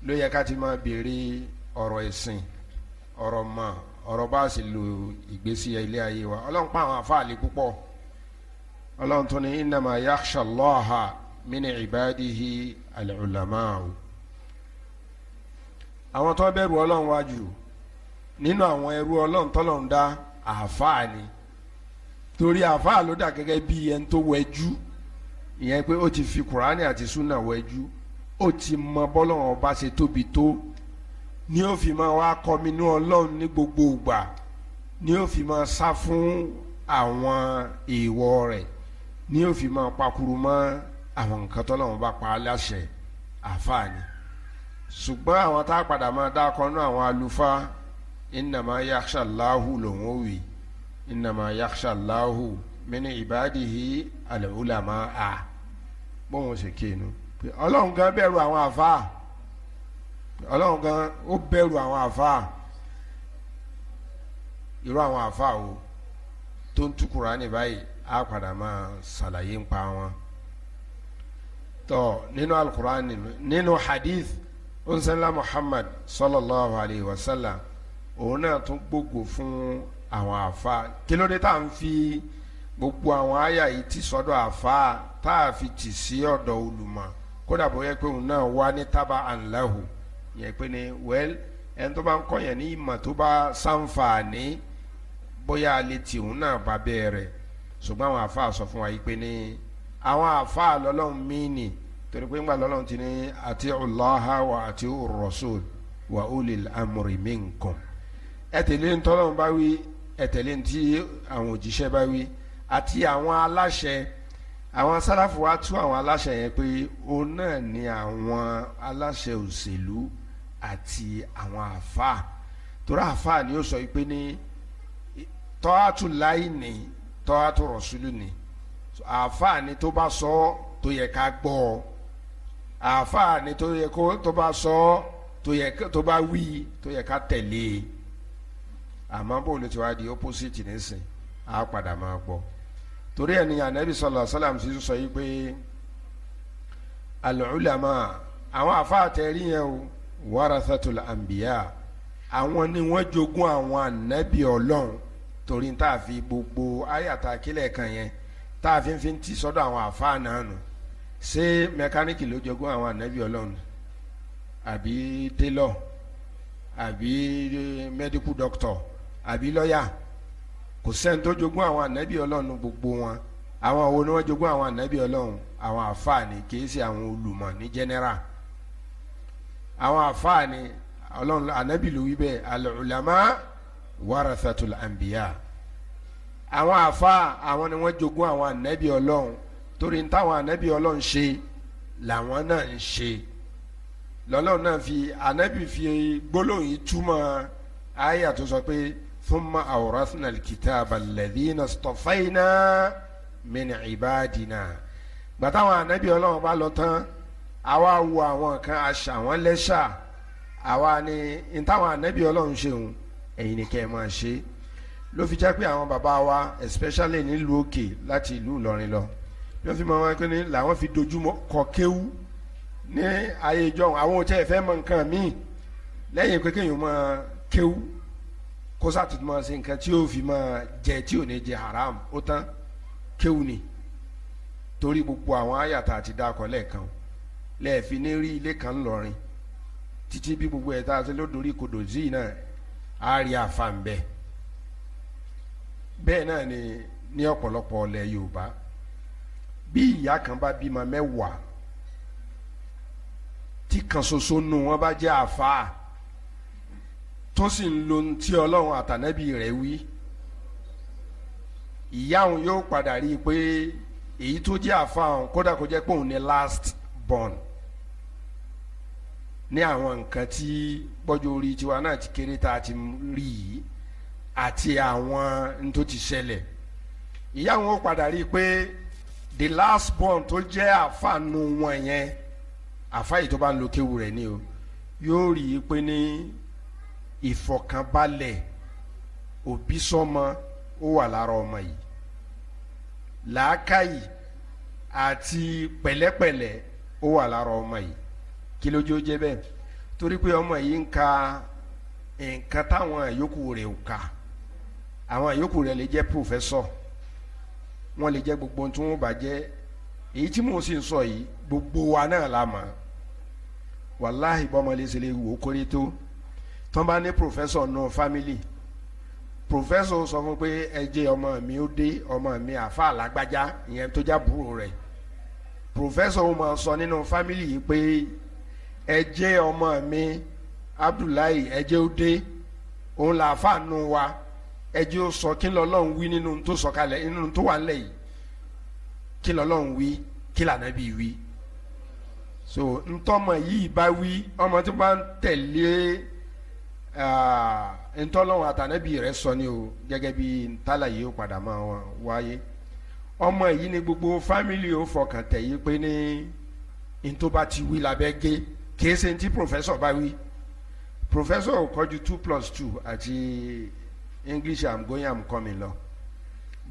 ló yẹ ká ti máa béèrè ọ̀rọ̀ ẹ̀sìn ọ̀rọ̀ mọ̀ ọ̀rọ̀ bá sì lo ìgbésí ilé ayé wa ọlọ́run pa àwọn àfáà lé púpọ̀ ọlọ́run tún ní innama yakhsha Allaha ibadihi al-ulama'u àwọn tó bẹ̀rù ọlọ́run wájú nínú àwọn ẹrú ọlọ́run tọ́lọ́run dá àáfàá ni torí àáfàá ló dà gẹ́gẹ́ bí ẹni tó wẹjú ìyẹn pé ó ti fi kùránì àti súnà wẹjú ó ti mọ bọ́lọ́run ọba ṣe tóbi tó ni ó fi máa wá kọminú ọlọ́run ní gbogbo ìgbà ni ó fi máa sá fún àwọn èèwọ̀ rẹ̀ ni ó fi máa pakuru mọ́ àwọn nǹkan tọ́lọ́run bá pa á láṣẹ àáfàá ni ṣùgbọ́n àwọn tá a padà máa dá ọkọ náà àwọn àlùfáà innama yaxsha allahu lòun ó wí innama yaxsha allahu mini ibadihi alulama a bóun ṣe kéènù ọlọ́run gan bẹ̀rù àwọn àfáà ọlọ́run gan ó bẹ̀rù àwọn àfáà irú àwọn àfáà o tó ń tú Kùránì báyìí á padà máa ṣàlàyé ń pa wọn tọ nínú alukurani nínú hadith onsenla muhammad sallallahu alayhi wa sallam òun náà tún gbogbo fún àwọn àfa kí ló dé tá à ń fi gbogbo àwọn àyà yìí ti sọ́dọ̀ àfa tá a fi tì sí ọ̀dọ̀ olùmọ̀ kódà bóyá pé òun náà wá ní tábà àǹláhù yẹn pé ni wẹ́l ẹni tó bá ń kọ́ yẹn ní ìmọ̀ tó bá ṣàǹfààní bóyá alẹ́ tí òun náà bá bẹ̀rẹ̀ ṣùgbọ́n àwọn àfa sọ fún wa yìí pé ni àwọn àfa lọ́lọ́run mí torí pé ńgbà lọ́lọ́run ti ní àti Allah wa àti rasul wa ulil amri minkum ẹ tẹ̀lé ń tọ́lọ́run bá wí ẹ tẹ̀lé ń tí àwọn òjíṣẹ́ bá wí àti àwọn aláṣẹ àwọn sáráfù wa tú àwọn aláṣẹ yẹn pé òun náà ni àwọn aláṣẹ òṣèlú àti àwọn àfáà torí àfáà ni ó sọ pé ní tọ́hátù láì ní tọ́hátù rọ̀ṣúlù ni àfáà ni tó bá sọ tó yẹ ká gbọ́ ọ àfáà ni tó yẹ kó tó bá sọ tó yẹ tó bá wí tó yẹ ká tẹ̀lé e àmọ́ bóòlù ti wá di opposite nísìn á padà máa gbọ́ torí ẹ̀ ní anabi sallallahu alaihi wasallam sísọ yìí pé al-ulama àwọn afáàtẹ̀rí yẹn o warathatul anbiya àwọn ni wọ́n jogún àwọn anabi ọlọ́run torí tá a fi gbogbo ayàtà kílẹ̀ kan yẹn tá a fi fi ń ti sọ́dọ̀ àwọn afáà náà nù ṣé mẹkáníìkì ló jogún àwọn anabi ọlọ́run àbí télọ̀ àbí mẹ́díkù dọ́kítọ̀ àbí lọ́yà kò sẹ́ni tó jogún àwọn ànábì ọlọ́run gbogbo wọn àwọn wo ni wọ́n jogún àwọn ànábì ọlọ́run àwọn àfáàní kìí ṣe àwọn olùmọ̀ ní general àwọn àfáàní ọlọ́run ànábì ló wí bẹ́ẹ̀ al-ulama warathatul anbiya àwọn àfáà àwọn ni wọ́n jogún àwọn ànábì ọlọ́run torí ní táwọn ànábì ọlọ́run ṣe làwọn náà ń ṣe lọ́lọ́run náà fi ànábì fi gbólóhùn yìí túmọ̀ àyà tó pé. ثم أورثنا الكتاب الذين اصطفينا من عبادنا gbàtàwọn ànábì ọlọ́run bá lọ tán àwa wo àwọn kan àṣà wọn lẹ́ṣà àwa ni ntàwọn ànábì ọlọ́run ṣeun ẹ̀yin ni kẹ́ ẹ máa ṣe ló fi jẹ́ pé àwọn bàbá wa especially nílùú òkè láti ìlú ìlọrin lọ ló fi mọ̀ wọn pé ní làwọn fi dojú kọ kéwú ní ayé ìjọhún àwọn òtí ẹ̀fẹ́ mọ̀ nǹkan míì lẹ́yìn pé kéèyàn máa kéwú Kosa sàtúntò máa ṣe nǹkan tí yóò fi máa jẹ tí ò ní jẹ haram ó tán kéwù ni torí gbogbo àwọn àyàtà àti dákọ̀ lẹ́ẹ̀kan lẹ́ẹ̀fin ní rí ilé kan ńlọrin títí bí gbogbo ẹ̀ tá a ṣe lódorí kodò zii náà á rí àfàǹbẹ́ bẹ́ẹ̀ náà ni ní ọ̀pọ̀lọpọ̀ ilẹ̀ Yorùbá bí ìyá kan bá bímọ mẹ́wàá tí kan ṣoṣo nù wọ́n bá jẹ́ àfáà tó sì ń lo ti ọlọ́run àtànẹ́bí rẹ̀ wí ìyá òun yóò padà rí i pé èyí tó jẹ́ àfa kódà kó jẹ́ pé òun ni last born ní àwọn nǹkan tí gbọ́jọ́ orí tiwa náà ti kéré tá a ti rí yìí àti àwọn tó ti ṣẹlẹ̀ ìyá òun ó padà rí i pé the last born tó jẹ́ àfa nu wọn yẹn àfa yìí tó bá ń lo kéwu rẹ̀ ni o yóò rí i pé ní ìfọ̀kànbalẹ̀ òbí sọ́mọ ó wà lára ọmọ yìí làákàyè àti pẹ̀lẹ́pẹ̀lẹ́ ó wà lára ọmọ yìí kí ló jó jẹ́ bẹ́ẹ̀ torí pé ọmọ yìí ń ka nǹkan táwọn yòókù rẹ̀ ò ka àwọn yòókù rẹ̀ lè jẹ́ pòfẹ́sọ̀ wọ́n lè jẹ́ gbogbo ohun tí wọ́n bá jẹ́ èyí tí mò ń sì ń sọ yìí gbogbo wa náà la mọ̀ wàláhì bọ́mọlẹ́sẹ̀ wò ó kórè tó tán bá ní professor nù family professor sọ fún pé ẹ jẹ́ ọmọ mi ó dé ọmọ mi àfa alágbájá ìyẹn tó já búrò rẹ̀ professor ó máa sọ nínú family yìí pé ẹ jẹ́ ọmọ mi Abdullahi ẹ jẹ́ ó dé òun là àfa nù wa ẹ jẹ́ ó sọ kí lọ́lọ́run wí nínú tó sọ̀kalẹ̀ nínú tó wà lẹ́yìn kí lọ́lọ́run wí kí l'Ànábì wí so ntọ́mọ yìí bá wí ọmọ tó bá ń tẹ̀lé ntọ́lọ́hún àtànẹ́bí rẹ̀ sọ ni o gẹ́gẹ́ bí ntálà yìí ó padà máa wáyé ọmọ yìí ni gbogbo fámìlì ó fọkàn tẹ̀ yí pé ní ntóba ti wí labẹ́ gé kìí ṣe ti pòfẹ́sọ̀ bá wí pòfẹ́sọ̀ ò kọjú two plus two àti English am going am coming lọ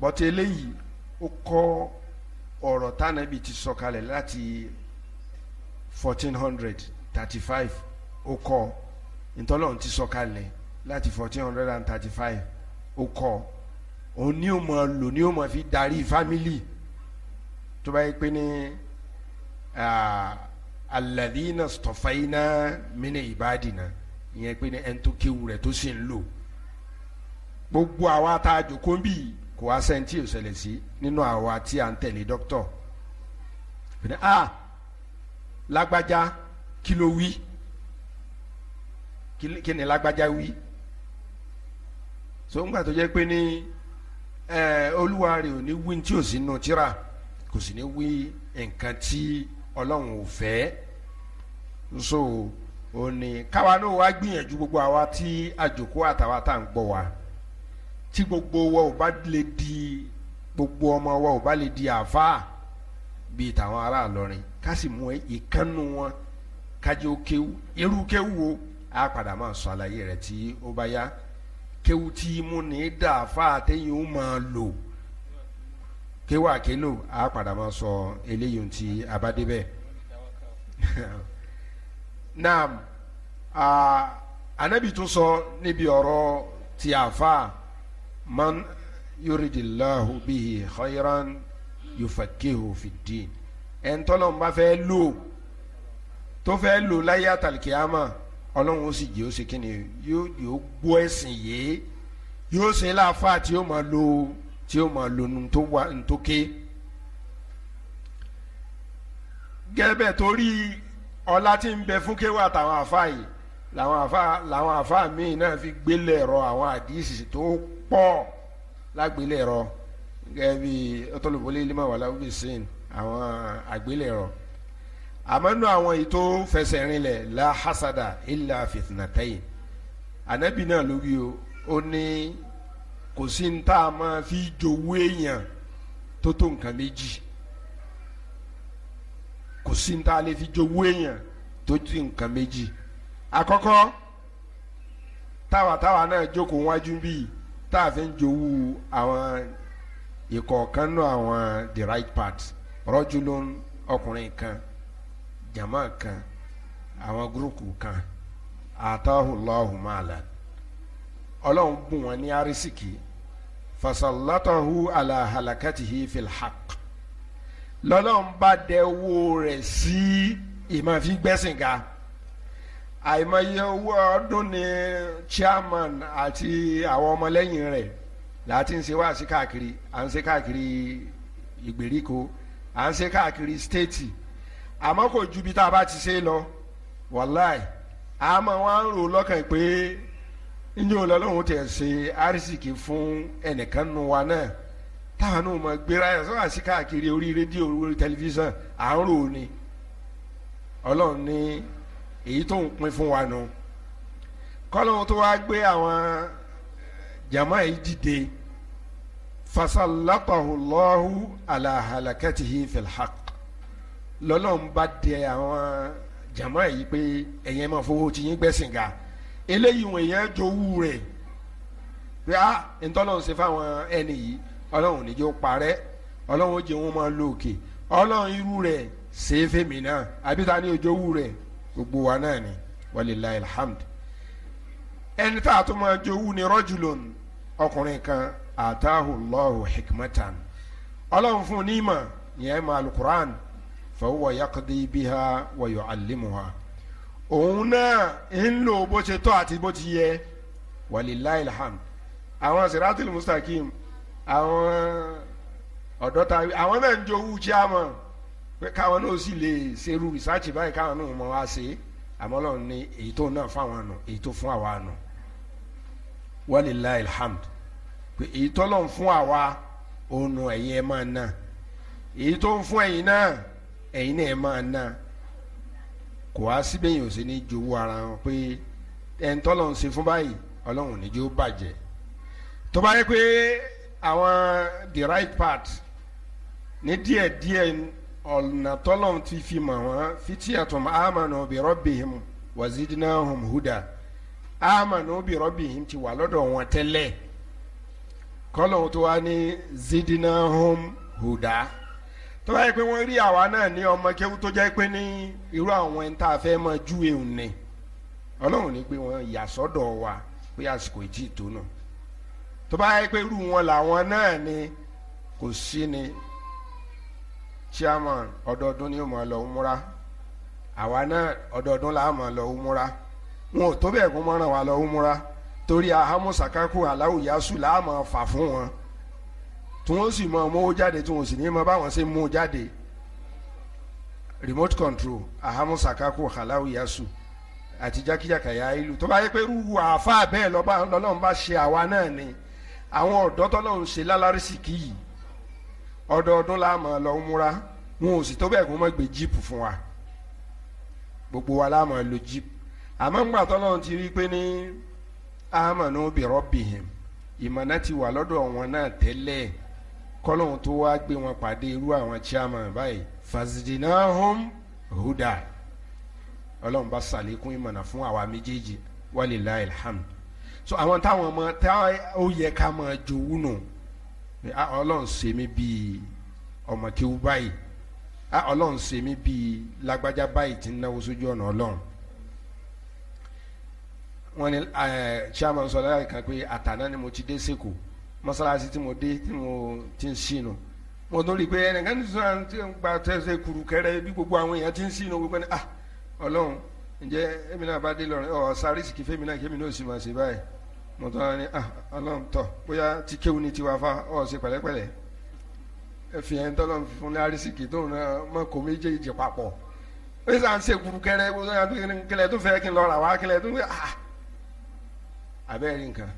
bọ́tí eléyìí o kọ́ ọ̀rọ̀ tánàbì ti sọ̀kalẹ̀ láti fourteen hundred thirty five o kọ́ ntọ́lọ́run ti sọ kalẹ̀ láti fourteen hundred and thirty five ó kọ́ òun ní o mọ̀ lò ní o mọ̀ fi darí fámìlì tó bá yẹ pé ní aladina stọfaina mine ibadina ìyẹn pé ní ẹni tó kéwù rẹ̀ tó sì ń lò gbogbo àwa tá a jòkó ń bì kò wá sẹ́ńtì òṣèlè sí nínú àwa tí à ń tẹ̀lé dókítọ̀ ah, lágbájá kí ló wí kí ni lágbájá wí so ńgbà tó jẹ́ pé ní olúwa rẹ̀ ò ní wí tí ò sí nù tíra kò sì ní wí nǹkan tí ọlọ́run ò fẹ́ so ò káwa náà wá gbìyànjú gbogbo àwa tí àjòkó àtàwa tá à ń gbọ́ wa tí gbogbo wa ò bá lè di gbogbo ọmọ wa ò bá lè di àáfàá bíi tàwọn ará ká sì mú ìkánnú wọn kájọ kéwu irú kéwu wo. A padà máa sọ àlàyé rẹ̀ tí ó bá yá kéwú tí mú ní dàáfà àtẹ̀yìn ó máa lò kéwú àkélò á padà máa sọ eléyìí tí a bá débẹ̀. naam anabi tún sọ níbi ọ̀rọ̀ ti àfa man yuridillahu bihi khayran yufakihu fìdín ẹ̀ńtọ́lọ́mbà fẹ́ lò tó fẹ́ lò láyé àtàlùkìyàmà ọlọ́run ó sì jẹ́ ó ṣe kí ni yóò yóò gbọ́ ẹ̀sìn yìí yóò ṣe láàfà tí ó máa lo tí ó máa lo ntó wa ntó ké gẹ́bẹ̀ torí ọlá tí ń bẹ fún kéwà àtàwọn àfa yìí làwọn àfa làwọn àfa míì náà fi gbélé ẹ̀rọ àwọn àdìsí tó pọ̀ lágbélé ẹ̀rọ gẹ́gẹ́ bí ọtọ́lùbọ́lé limawala obìsìn àwọn àgbélé ẹ̀rọ àmọ́ nù àwọn èyí fẹsẹ̀ rinlẹ̀ la hasada illa fitnatayin ànábì náà ló wí o ó ní kò sí ní tá a máa fi jowó èèyàn tó tó nǹkan méjì kò sí ní tá a lè fi jowó èèyàn tó tó nǹkan méjì àkọ́kọ́ táwa táwa náà jókòó wájú bíi tá a fi ń jowó àwọn ìkọ̀ọ̀kan náà àwọn the right part rọ́júlọ́n ọkùnrin kan jama kan àwọn gúrùpù kan àtàhùnláhùn màlà ọlọ́run bùn wọn ní arísìkì fasalatahu ala halakatihi filhaq lọ́lọ́run bá dẹ owó rẹ̀ sí ìmọ̀fígbẹ́sìn ga àìmọye owó ọdún ni chairman àti àwọn ọmọlẹ́yìn rẹ̀ láti ń ṣe wá sí káàkiri à ń ṣe káàkiri ìgbèríko à ń ṣe káàkiri stéètì àmọ́ kò ju ibi tá a bá ti ṣe lọ wàláì àmọ́ wọn á ń rò lọ́kàn pé njẹ́ òun lọ́lọ́run tẹ̀ ṣe àrísìkì fún ẹnìkan nu wa náà táwọn náà mọ̀ gbéra ẹ̀ sọ́wọ́n sí káàkiri orí rédíò orí tẹlifíṣàn à ń rò ni ọlọ́run ní èyí tó ń pín fún wa nù kọ́lọ́run tó wá gbé àwọn jama yìí dìde fasalatahu Allahu ala halakatihi lọ́lọ́run bá dẹ àwọn jàmá yìí pé ẹ̀yẹn máa fowó tí yín gbẹ̀sìn ga eléyìí wọn èèyàn jowú rẹ̀ pé a ah, ntọ́lọ́run ṣe fáwọn ẹni yìí ọlọ́run ní jẹ́ ó parẹ́ ọlọ́run ó jẹ́ wọn máa lo òkè ọlọ́run irú rẹ̀ ṣe é fèmí náà àbí ni òjòwú rẹ̀ gbogbo wa náà ni walilayi alhamd ẹni tá a tún máa jowú ni rọ́jùlọ́n ọkùnrin kan àtàhùn lọ́hùn hikmatan ọlọ́run fún un ní ìmọ̀ ìyẹn máa lu Qur'an fọwọ́ yakadi biha wọ̀yọ̀ alimuha òun náà ń lò bó ṣe tọ́ àti bó ti yẹ walilayi alhamd àwọn siratul mustakim àwọn ọ̀dọ́ta àwọn náà ń jowú chairman pé káwọn náà sì lè ṣerú rìsáàcì báyìí káwọn náà mọ̀ wá ṣe àmọ́ lọ́run ní èyí tó náà fáwọn nù èyí tó fún àwa nù walilayi alhamd pé èyí tó lọ́n fún àwa òun nù ẹ̀yin ẹ̀ máa ná èyí tó ń fún ẹ̀yin náà. ẹ̀yin náà máa ná kò wá síbẹ̀ yìí ò sí ní jowó ara wọn pé ẹni tọ́lọ̀ ń ṣe fún báyìí ọlọ́run níjó bàjẹ́ tó bá yẹ pé àwọn the right part ní díẹ̀ díẹ̀ ọ̀nà tọ́lọ̀ ti fi mọ̀ wọ́n fitiyatum amanu bi rabbihim wazidnahum huda amanu bi rabbihim ti wà lọ́dọ̀ wọn tẹ́lẹ̀ kọ́lọ̀ tó huda. tó bá yẹ pé wọ́n rí àwa náà ní ọmọ kéwú tó jẹ́ pé ní irú àwọn ẹni tá a fẹ́ mọ ju ehun ni ọlọ́run ní pé wọ́n yà sọ́dọ̀ wa pé àsìkò ìjì tó nù tó bá yẹ pé irú wọn làwọn náà ni kò sí ni chairman ọdọọdún ni ó máa lọ múra àwa náà ọdọọdún là á máa múra wọn ò tó bẹ́ẹ̀ kó mọ́ràn wa lọ múra torí ahamu sakaku aláwùyásù là á máa fà fún wọn tí wọ́n sì mọ ọmọ owó jáde tí wọ́n sì ní mọ báwọn ṣe mú jáde remote control ahamu sakako halawu yasu àti jákèjáka ya ilu tó bá yẹ pé rúhu àáfàá bẹ́ẹ̀ lọ́lọ́run bá ṣe àwa náà ni àwọn ọ̀dọ́ tọ́lọ́run ṣe lálárìsìkì yìí ọdọọdún la máa lọ múra wọn ò sì tó bẹ́ẹ̀ kó má gbé jíìpù fún wa gbogbo wa la máa lo jíìpù àmọ́ ńgbà tọ́lọ́run ti rí i pé ní amanu bi rabbihim ìmọ̀nà ti wà lọ́dọ̀ wọn náà tẹ́lẹ̀ kọ́lọ́hún tó wá gbé wọn pàdé irú àwọn chairman báyìí fasidinahum huda ọlọ́run bá ṣàlékún ìmọ̀nà fún àwa méjèèjì walilayi alhamdu so àwọn táwọn ọmọ tá ó yẹ ká máa jowú nù ah, ọlọ́run ṣe mí bíi ọmọ kéwú báyìí ah, ọlọ́run ṣe mí bíi lágbájá báyìí tí ń náwó sójú ọ̀nà ọlọ́run wọ́n ní eh, chairman sọlá kan pé àtàná ni mo ti dé sẹ́kọ̀ọ́ mọ́sálásí tí mo dé tí mo ti ń sínú mo tún rí i pé ẹnìkan ti sọ̀rọ̀ tí ń gba tẹ̀sẹ̀ kuru kẹrẹ bí gbogbo àwọn èèyàn ti ń sínú gbogbo ni ah ọlọ́run ǹjẹ́ èmi náà bá dé lọ́rùn ọ̀ sáré sì kí fẹ́mi náà kémi náà sì máa ṣe báyìí mo tún ní ah ọlọ́run tọ̀ bóyá ti kéwu ni tiwa fa ọ̀ ṣe pẹ̀lẹ́pẹ̀lẹ́ fi ẹ̀ ń tọ́lọ́ fún ní arísìkì tóun náà mọ̀ kó méjèèjì papọ̀ ó sì à ń ṣe kuru kẹrẹ kílẹ̀ tó fẹ́ kí n lọ wá kílẹ̀ tó fẹ́ ah abẹ́rẹ́ nǹkan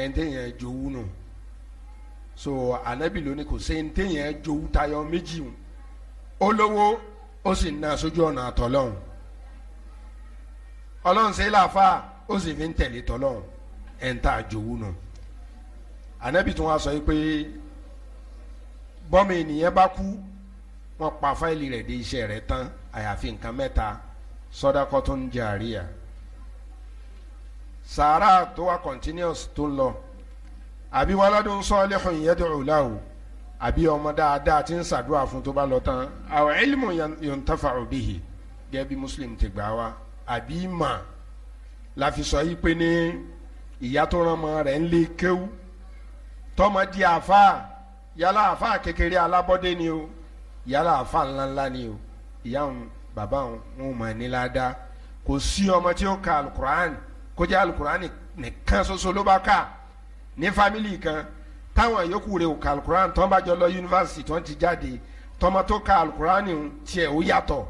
ẹ̀ ń tẹ̀yìn ẹ̀ jowú nù. No so anabi lóni kò sẹ́yìn téèyàn jowú tayọ méjì ń olówó ó sì na sójú ọ̀nà àtọ̀lọ́hún ọlọ́run ṣe láfa ó sì fi ń tẹ̀lé tọ́lọ́hún ẹ̀ ń tà jowú nù anabi tún wá sọ yìí pé bọ́mọ ènìyàn bá kú wọ́n pa fáìlì rẹ̀ dé iṣẹ́ rẹ̀ tán àyàfi nǹkan mẹ́ta sọ́dákọ́ tó ń jẹ àríyá sàárà tó wà continuous tó ń lọ àbí waladun salihun yad'u lahu àbí ọmọ dáadáa tí ń ṣàdúrà fún tó bá lọ tán aw ilmun yuntafa'u bihi gẹ́gẹ́ bí Muslim ti gbà wá àbí mà láfi sọ yìí pé ní ìyá tó rán ọmọ rẹ̀ ń lé kéwú tọmọ di àfáà yálà àfáà kékeré alábọ́dé ni o yálà àfáà ńláńlá ni o ìyá òun bàbá òun wọn ò mọ̀ ládàá kò sí ọmọ tí ó ka alukur'an kó jẹ́ alukur'an nìkan ṣoṣo ló bá kà ní fámìlì kan táwọn yòókù rẹ̀ ò ka alukuran tọ́n bá jọ lọ yunifásitì tọ́n ti jáde tọ́mọ tó ka alukuran ni tiẹ̀ ó yàtọ̀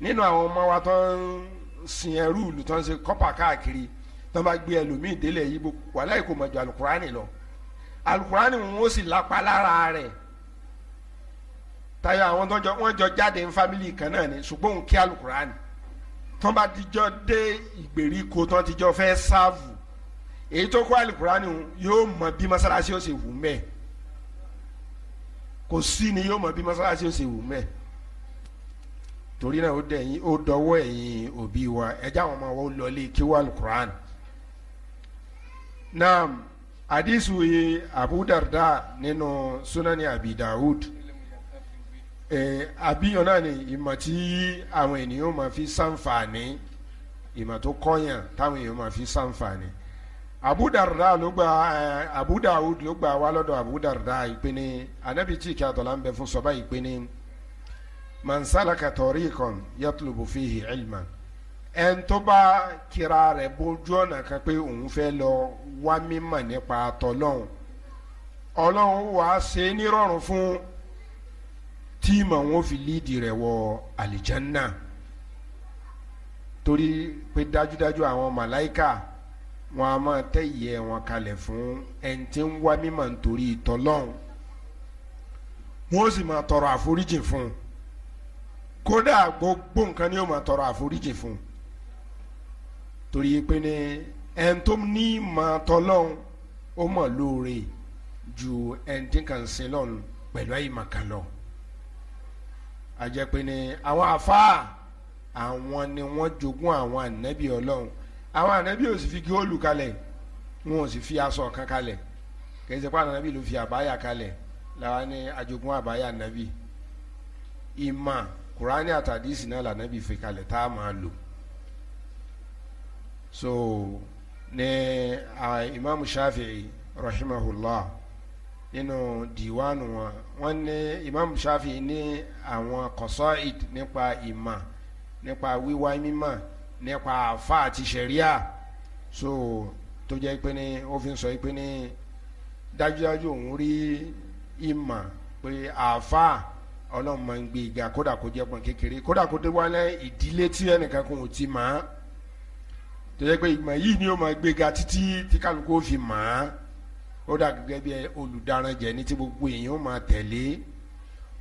nínú àwọn ọmọ wa tọ́n sin ẹrú ìlú tọ́n ṣe kọ́pà káàkiri tọ́n bá gbé ẹlòmíì délẹ̀ yìí bó wàláì kò mọ̀ ju alukuran lọ alukuran ni wọn ó sì lápá lára rẹ̀ táyà àwọn tó wọ́n jọ jáde ní fámìlì kan náà ni ṣùgbọ́n òun kí alukuran tọ́n bá dijọ́ dé ìgbèríko tọ́n ti jọ fẹ́ sáàvù èyí tó kó alukurani yóò mọ bí masalasi yóò ṣe wù mẹ kò sí ni yóò mọ bí masalasi yóò ṣe wù mẹ torí náà ó dẹ̀yìn ó dọwọ́ ẹ̀yin òbí wa ẹjẹ́ àwọn ọmọ wa ó lọlé kí wọ́n alukur'an naam hadisu yi abu nínú sunani abi dawud ẹ abiyan náà ni ìmọ̀ tí àwọn ènìyàn máa fi ṣàǹfààní ìmọ̀ tó kọ́yàn táwọn èèyàn máa fi ṣàǹfààní abudarda ló gba ẹ eh, abudawud ló gba wa lọ́dọ̀ abudarda ìpinnu anabi tí ìkẹ́ àtọ̀lá ń bẹ fún sọ́ba ìpinnu mansalaka tariqan yatlubu fihi ilman ẹn tó bá kira rẹ̀ bójú ọ̀nà kan pé òun fẹ́ lọ wá mímọ̀ nípa àtọ̀lọ́hún ọlọ́run wàá ṣe é nírọ̀rùn fún tíìmù àwọn fi líìdì rẹ̀ wọ àlìjánná torí pé dájúdájú àwọn màláìka wọn a máa tẹ́ ìyẹ́ wọn kalẹ̀ fún ẹni tí ń wá mímọ̀ nítorí ìtọ́lọ́hún wọn ó sì máa tọrọ àforíjì fún kódà gbogbo nǹkan ni ó máa tọrọ àforíjì fún torí pé ní ẹni ní ìmọ̀ tọ́lọ́hún ó mọ̀ lóore ju ẹni tí kàn sin lọ́hún pẹ̀lú àyèmàkà lọ àjẹpẹ́ ní àwọn àfáà àwọn ni wọ́n jogún àwọn ànábì ọlọ́hún àwọn ànábì ò sì fi góòlù kalẹ̀ wọn ò sì fi aṣọ kan kalẹ̀ kìí ṣe pé ànábì ló fi àbáyà kalẹ̀ làwọn ní àjogún àbáyà ànábì ìmọ̀ kùránì àtàdísì náà lànábì fi kalẹ̀ tá a máa lò so ní imaamu shafi rahimahullah nínú diwaanu wọn wọn ní imaamu shafi'i ní àwọn kọsọ́ìd nípa ìmọ̀ nípa wíwá mímọ̀ nípa àfa àti ṣẹ̀ríà so tó jẹ́ pé ní ó fi ń sọ pé ní dájúdájú òun rí ìmọ̀ pé àfa ọlọ́run máa ń gbé ìgbà kódà kó jẹ́ pọn kékeré kódà kó tó wálé ìdílé tí ẹnìkan kò tí mọ̀ á tó jẹ́ pé ìmọ̀ yìí ni ó máa gbé ga títí tí kálukú ó fi mọ̀ á ó dà gẹ́gẹ́ bí olùdarànjẹ ní tí gbogbo èèyàn ó máa tẹ̀lé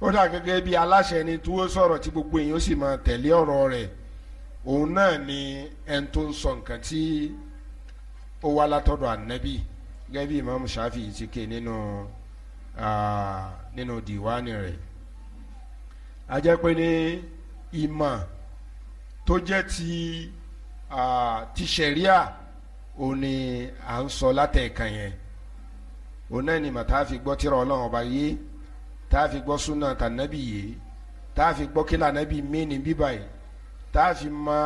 ó dà gẹ́gẹ́ bí aláṣẹ ni tí sọ̀rọ̀ tí gbogbo èèyàn ó sì máa tẹ̀lé ọ̀rọ̀ rẹ̀ òun náà ni ẹni tó ń sọ nǹkan tí ó wá látọ̀dọ̀ ànábì gẹ́gẹ́ bí imaamu shafi ti ké nínú nínú diwaani rẹ̀ a jẹ́ pé ní ìmọ̀ tó jẹ́ ti ti ṣẹ̀ríà òun ni à ń sọ látẹ̀ẹ̀kan yẹn òun náà ni mà tá a fi gbọ́ tírà ọlọ́run ọba yé tá a fi gbọ́ súnà tànábì yé tá a fi gbọ́ kí mí ní bíbáyìí tá a fi mọ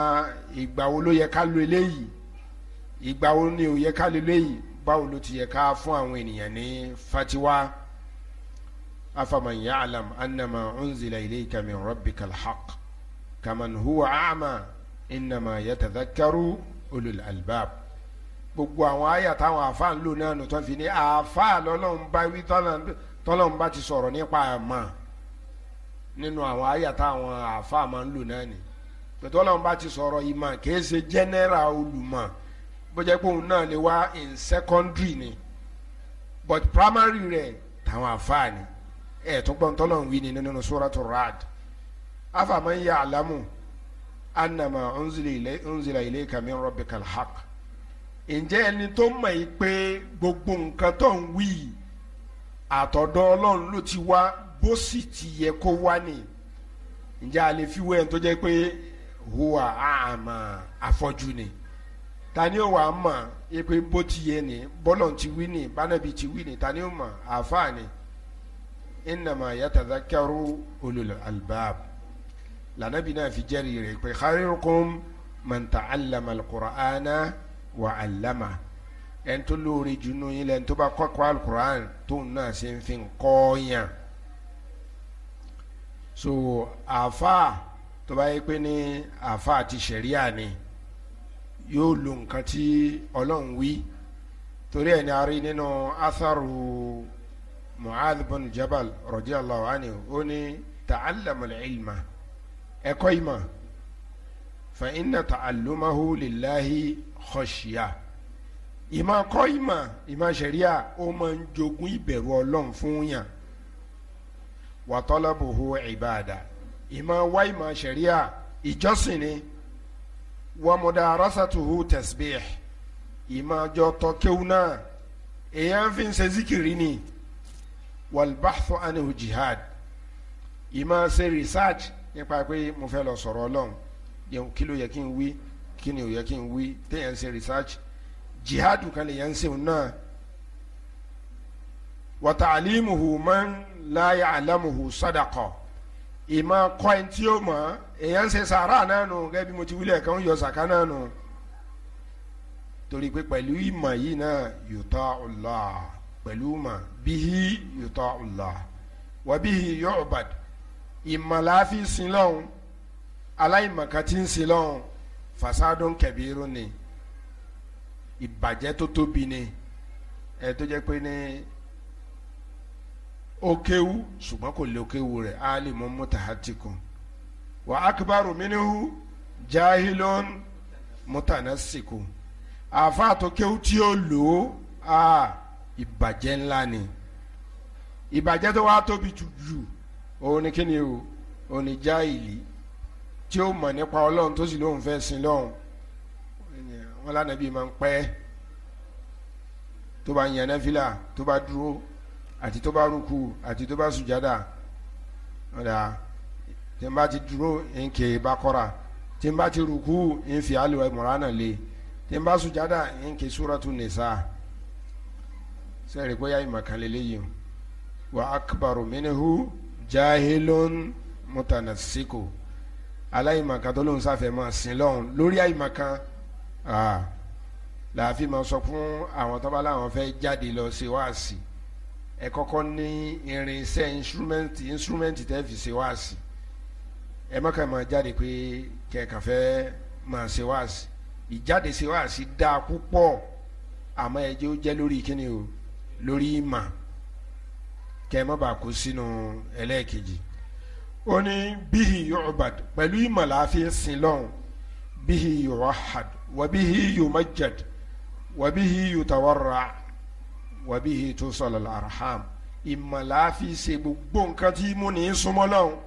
ìgbà wo ló yẹ ká lo eléyìí ìgbà wo ni ò yẹ ká lo eléyìí báwo ló ti yẹ ká fún àwọn ènìyàn ní fatiwa afaman ya'lam annama unzila ilayka min rabbika alhaq kaman huwa a'ma innama yatadhakkaru ulul albab gbogbo àwọn àyà táwọn àfáà ń lò náà nù tán fi ní àfáà lọ́lọ́run wí tọ́lọ́run ti sọ̀rọ̀ nípa àmà nínú àwọn àyà táwọn àfáà máa ń lò náà nìyí. pẹ̀tọ́ làwọn bá ti sọ̀rọ̀ ma kìí ṣe general olùmọ̀ bójá pé òun náà lè wá in secondary ni but primary rẹ̀ tàwọn àfáàní ẹ̀ tó gbọ́n tọ́lọ̀ ń wí ni nínú rad afaman ya'lamu annama unzila ilayka min rabbikal haqq ǹjẹ́ ẹni tó mọ̀ yìí pé gbogbo nǹkan tó ń wí àtọ̀dọ̀ ọlọ́run ló ti wá bó sì ti yẹ kó wá ni ǹjẹ́ tó jẹ́ huwa àmà afọ́jú ni tani ó wà mọ̀ ipe bó ti yé ni bọ́lọ̀ ti wí ni bánàbí ti wí ni tani ó mọ̀ àáfàá ni innama yatazakaru ulul albab lànàbí náà fi jẹ́rìí rẹ̀ pé khairukum man ta'allama al-Qur'ana wa 'allama ẹni tó lóore jù nù yín lẹ́ni tó bá kọ́kọ́ alukur'an tóun náà ṣe ń fi kọ́ yàn so tó bá yẹ pé ní àfa àti ṣẹ̀ríà ni yóò lo nǹkan tí ọlọ́run wí torí ẹ̀ ní a rí nínú atharu mu'adh bin jabal radiyallahu anhu ó ní ta'allamul ilma ẹ̀kọ́ ìmọ̀ fa inna ta'allumahu lillahi khashya ìmọ̀ kọ́ ìmọ̀ ìmọ̀ ṣẹ̀ríà ó máa ń jogún ìbẹ̀rù ọlọ́run fún yàn wa talabuhu ibada ìmọ̀ wá ìmọ̀ ṣẹ̀ríà ìjọsìn ni wa mudarasatuhu tasbih ìmọ̀ àjọ tọ́kéwù náà èèyàn fi ń ṣe zikiri ni wal bahthu jihad ìmọ̀ ṣe research nípa pé mo fẹ́ lọ sọ̀rọ̀ ọlọ́run kí ló yẹ kí n wí kí ni ò yẹ kí n wí téèyàn ṣe research jihad kan lè yẹn ṣe òun náà wa ta'limuhu man la ìmọ̀ kọ́in tí ó mọ̀ èèyàn ń ṣe sàárà náà nù gẹ́gẹ́ bí mo ti wílẹ̀ kan ń yọ sàká náà nù torí pé pẹ̀lú ìmọ̀ yìí náà yòtọ́ ọ̀la pẹ̀lú ìmọ̀ bíhí yòtọ́ ọ̀la wàbíhí yọ̀ọ̀bàd ìmọ̀ láàfi sin lọ́hùn aláìmọ̀kan ti ń sin lọ́hùn kẹ̀bírú ni ìbàjẹ́ tó tóbi ni ẹ̀ tó jẹ́ pé ní ó kéwú ṣùgbọ́n kò lè kéwú rẹ̀ alimu mutahatikun wa akibaru minihu jahilon mutanasiku àáfàá tó kéwú tí ó lò ó ìbàjẹ́ ńlá ni ìbàjẹ́ tó wá tóbi jù jù òun ni kíni o òun ni jáìlì tí ó mọ̀ nípa ọlọ́run tó sì lóun fẹ́ sin lọ́hùn wọn lánàá bíi máa ń pẹ́ tó bá yẹn náfìlà tó bá dúró àti tó bá rúkú àti tó bá sùjádà ọ̀dà tí n bá ti dúró ń ké bákọ́ra tí n bá ti rúkú ń fi àlùwẹ̀ mọ̀ránà lé tí n bá sùjádà ń ké súrọ̀tún nìsa sẹ́rì bóyá ìmọ̀kànlélẹ́ yìí wà akbaru minhu jahilun mutanasiku aláìmọ̀kan tó lóun sáfẹ́ mọ̀ sí lọ́hùn lórí àìmọ̀kan làáfi máa sọ fún àwọn tó láwọn fẹ́ jáde lọ sí wáàsí. Si ẹ kọ́kọ́ ní irinṣẹ́ instrument instrumenti tẹ́ fi ṣe wáàsí ẹ má kàn máa jáde pé kẹ̀kàn fẹ́ máa ṣe wáàsí ìjáde ṣe wáàsí dáa púpọ̀ àmọ́ ẹ jẹ́ ó jẹ́ lórí kíni o lórí ìmà kẹ́ ẹ má bàa sínú ẹlẹ́ẹ̀kejì ó ní bíhì yu'bad pẹ̀lú ìmọ̀ la fi ń sin lọ́hùn bíhì yu'ahad wà bíhì yu'majjad wà bíhì wàbíhi tó sọlọ làrham ìmọ̀ làá fi ṣe gbogbo nǹkan tí mú ní súnmọ́ lọ́hùn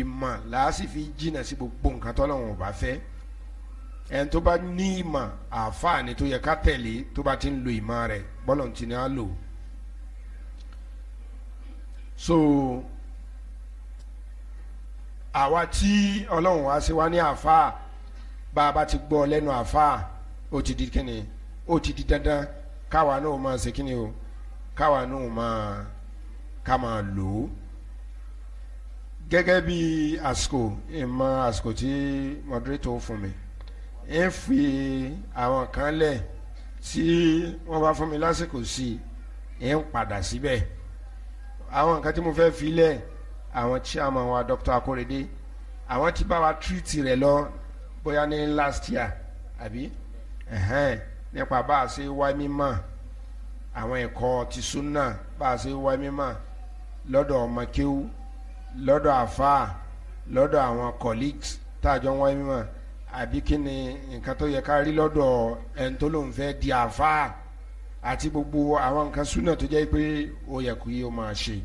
ìmọ̀ làá sì fi jìnnà sí gbogbo nǹkan tọ́lọ́hùn ò bá fẹ́ ẹni tó bá ní ìmọ̀ àfààní tó yẹ ká tẹ̀lé tó bá ti ń lo ìmọ̀ rẹ̀ bọ́lọ̀ ti ní á lò so àwa tí ọlọ́run wá sí wa ní àfáà bá a bá ti gbọ́ lẹ́nu àfáà ó ti di kíni ó ti di dandan káwa náà máa ṣe kí ni o káwa náà máa ká máa lò ó gẹ́gẹ́ bí àsìkò ìmọ̀ àsìkò tí moderator fún mi ń fi àwọn kan lẹ̀ tí wọ́n bá fún mi lásìkò sí i ń padà síbẹ̀ àwọn nǹkan tí mo fẹ́ fi lẹ̀ àwọn chairman wa Dr. Akorede àwọn tí bá wa treat rẹ̀ lọ bóyá ní last year àbí. Uh -huh nípa bá a ṣe wá mímọ́ àwọn ẹ̀kọ́ ti súnà bá a ṣe wá mímọ́ lọ́dọ̀ ọmọ kéwú lọ́dọ̀ àfáà àwọn colleagues táàjọ wá mímọ́ àbí kí ni nǹkan tó yẹ ká rí lọ́dọ̀ ẹni tó lóun fẹ́ di àfáà àti gbogbo àwọn nǹkan súnà tó jẹ́ pé ó yẹ kó yé o máa ṣe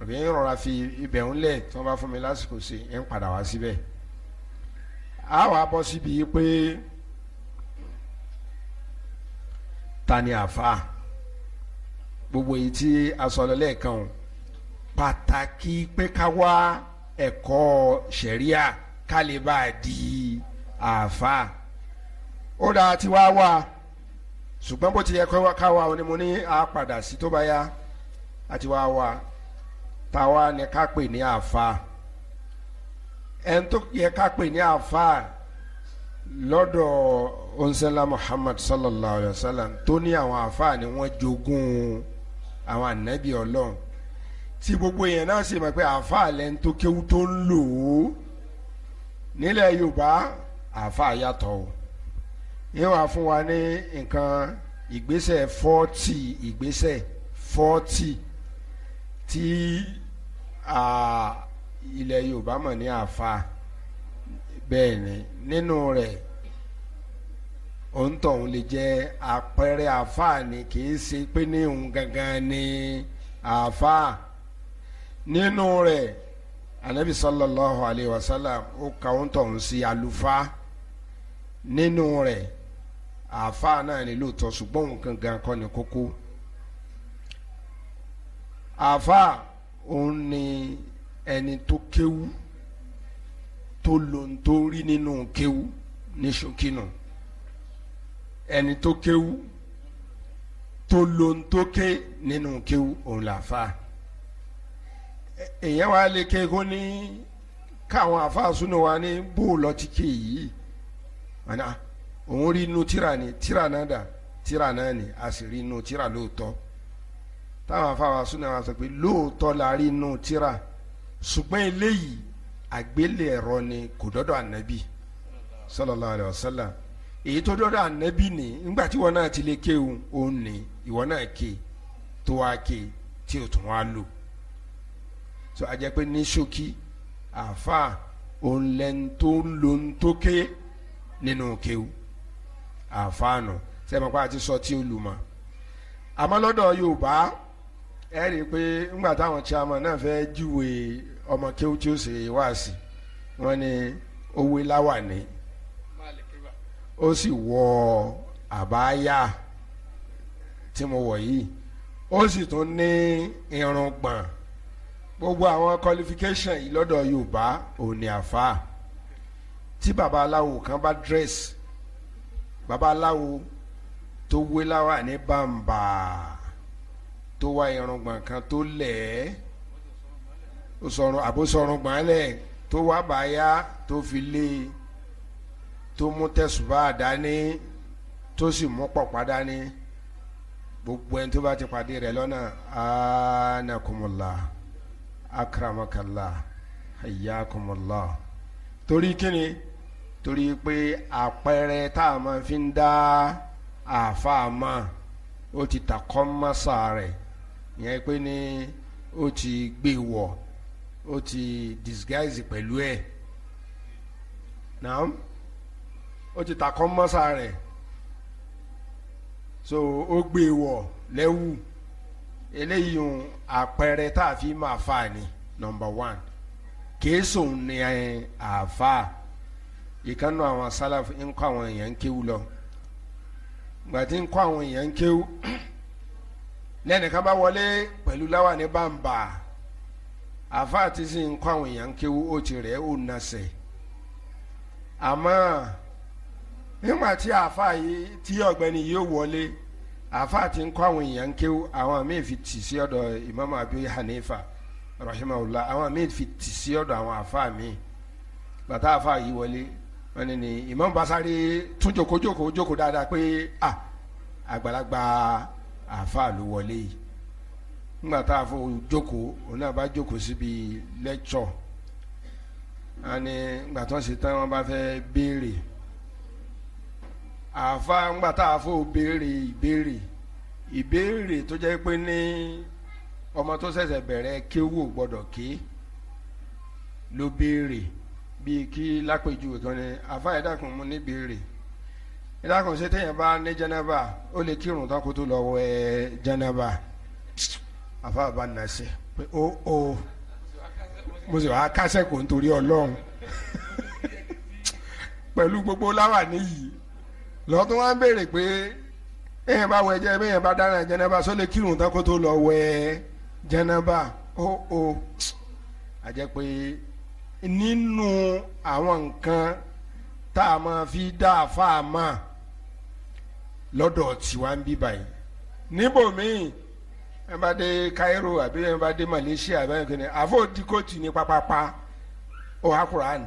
òbí ń rọra fi ibẹ̀ ń lẹ̀ tí wọ́n bá fún mi lásìkò sí ń padà wá síbẹ̀. a wàá bọ́ síbi pé. Si tani afa àfa gbogbo èyí tí a sọ̀rọ̀ lẹ́ẹ̀kan o pàtàkì pé ká wá ẹ̀kọ́ ṣẹ̀ríà ká lè bá a di àfa ó dáa tí wá wá ṣùgbọ́n bó ti yẹ ká wá o ni mo ní a padà sí tó bá yá àti wá wá táwa ni ká pè ní àfa ẹni tó yẹ ká pè ní àfa lọ́dọ̀ onsela muhammad sallallahu alayhi wa sallam tó ní àwọn àfáà ni wọ́n jogún àwọn ànábì ọlọ́run tí gbogbo yẹn náà sì mọ̀ pé àfáà lẹ́nu tó kéwú tó ń lò ó nílẹ̀ yorùbá àfáà yàtọ̀ o yín wàá fún wa ní nǹkan ìgbésẹ̀ fọ́ọ̀tì ìgbésẹ̀ fọ́ọ̀tì tí ilẹ̀ yorùbá mọ̀ ní àfáà. bẹ́ẹ̀ ni nínú rẹ̀ òǹtọ̀hún le jẹ́ àpẹẹrẹ àáfàá ni kì í ṣe pé ní òun gangan ni àáfàá nínú rẹ̀ anabi sallallahu alayhi wa sallam ó ka òǹtọ̀hún sí àlùfá. nínú rẹ̀ àáfàá náà ni lóòótọ́ ṣùgbọ́n òun gangan kọ́ ni kókó àáfàá òun ni ẹni tó kéwú. tó lo ń tó rí nínú kéwú ní ṣókínù ẹni tó kéwú tó lo ń tó ké nínú kéwú òun làáfà èèyàn wa lè ké kó ní káwọn àfàsúnú wa ní bóòlọ́ ti ké yìí àná òun rí inú tíra ni tíra náà dà tíra náà ni a sì rí inú tíra lóòótọ́ táwọn afáwa súnà wa sọ pé lóòótọ́ la rí inú tíra ṣùgbọ́n eléyìí àgbélẹ̀rọ ni kò dọ́dọ̀ ànábì sallallahu alayhi wa sallam èyí tó dọ́dọ̀ ànábì ni ńgbà tí wọn náà ti lè kéwù òun ni ìwọ náà ké tó wá ké tí o tún wá lò so a jẹ́ pé ní ṣókí àfa òun lẹ́nu tó ń lo ń tó ké nínú kéwù àfa nù sẹ́mi pa àti sọ tí o lù mọ́ àmọ́ lọ́dọ̀ Yorùbá ẹ rí i pé ńgbà táwọn chairman náà fẹ́ júwèé ọmọ kéwú tí ó ṣe wáàsí wọ́n ní owó láwà ní ó sì wọ àbáyá tí mo wọ̀ yìí ó sì tún ní irun gbọ̀n gbogbo àwọn qualification yìí lọ́dọ̀ Yorùbá òní àfa tí baba aláwo kan bá dress baba aláwo tó wé láwà ní bàǹbà tó wá irun gbọ̀n kan tó lẹ̀ sọ̀rùn àbòsọ̀rùn gbọ́nlẹ̀ tó wá báyà tó fi lé tó mú tẹ̀sùbá dání tó sì mú pọ̀pá dání gbogbo ẹni tó bá ti pàdé rẹ̀ lọ́nà anakumula akramakala ayakumula torí kíni torí pé àpẹẹrẹ tá a máa fi ń dá àáfàá mọ́ ó ti tàkọ́ mọ́sà rẹ̀ ìyẹn pé ní ó ti gbé wọ̀ ó ti disguise pẹ̀lú ẹ̀ naam ó ti ta kọ́mọ́sà rẹ̀ so ó gbé e wọ̀ lẹ́wù eléyìí ń àpẹẹrẹ tá a fi máa fa ni number one kéésù ni àfa ìkànnì àwọn sálàfù ń kọ́ àwọn èèyàn ń kéwù lọ gbàtí ń kọ́ àwọn èèyàn ń kéwù lẹ́nìkan bá wọlé pẹ̀lú láwà ní bàǹbà. Afa àti sì ń kọ́ àwọn èèyàn kéwu ó ti rẹ̀ ó na sẹ̀ àmọ́ nígbà tí àfa yìí tí ọ̀gbẹ́ni yìí ó wọlé àfa àti ń kọ́ àwọn èèyàn kéwu àwọn fi tì sí ọ̀dọ̀ Imam Abu Hanifa rahimahullah àwọn míì fi tì sí ọ̀dọ̀ àwọn àfa míì bàtà àfa yìí wọlé wọn ni Imam Basari tún jókòó jókòó jókòó pé ah àgbàlagbà afa ló wọlé yìí ńgbà tá a fọ jókòó òun náà bá jókòó síbi lẹ́kṣọ̀ a ní ńgbà tó ń ṣe tán wọ́n bá fẹ́ béèrè àfa ńgbà tá a fọ béèrè ìbéèrè ìbéèrè tó jẹ́ pé ní ọmọ tó ṣẹ̀ṣẹ̀ bẹ̀rẹ̀ kéwò gbọ́dọ̀ ké ló béèrè bíi kí lápèjúwe kan ní àfa ẹ̀dàkùn mu ní béèrè ẹ̀dàkùn ṣe téèyàn bá ní jẹ́nẹ́bà ó lè kírun tán kó tó lọ wẹ̀ jẹ́nẹ́bà àfààbà nàṣẹ pé ó ó mo sì wá kásẹ̀ kò nítorí ọlọ́run pẹ̀lú gbogbo láwà níyì lọ́tún wá ń béèrè pé ẹ̀yìn bá wọ ẹ̀jẹ̀ bẹ́yẹn bá dára jẹnẹba sólè kírun tán kó tó lọ wẹ jẹnẹba ó ó àjẹ́ pé nínú àwọn nǹkan tá a máa fi dá a fáa máa lọ́dọ̀ tiwa ń bí báyìí níbòmíì ẹ bá Cairo àbí ẹ bá Malaysia àbí ẹ kìíní àfọ dikoti ní pápápá ó ha Quran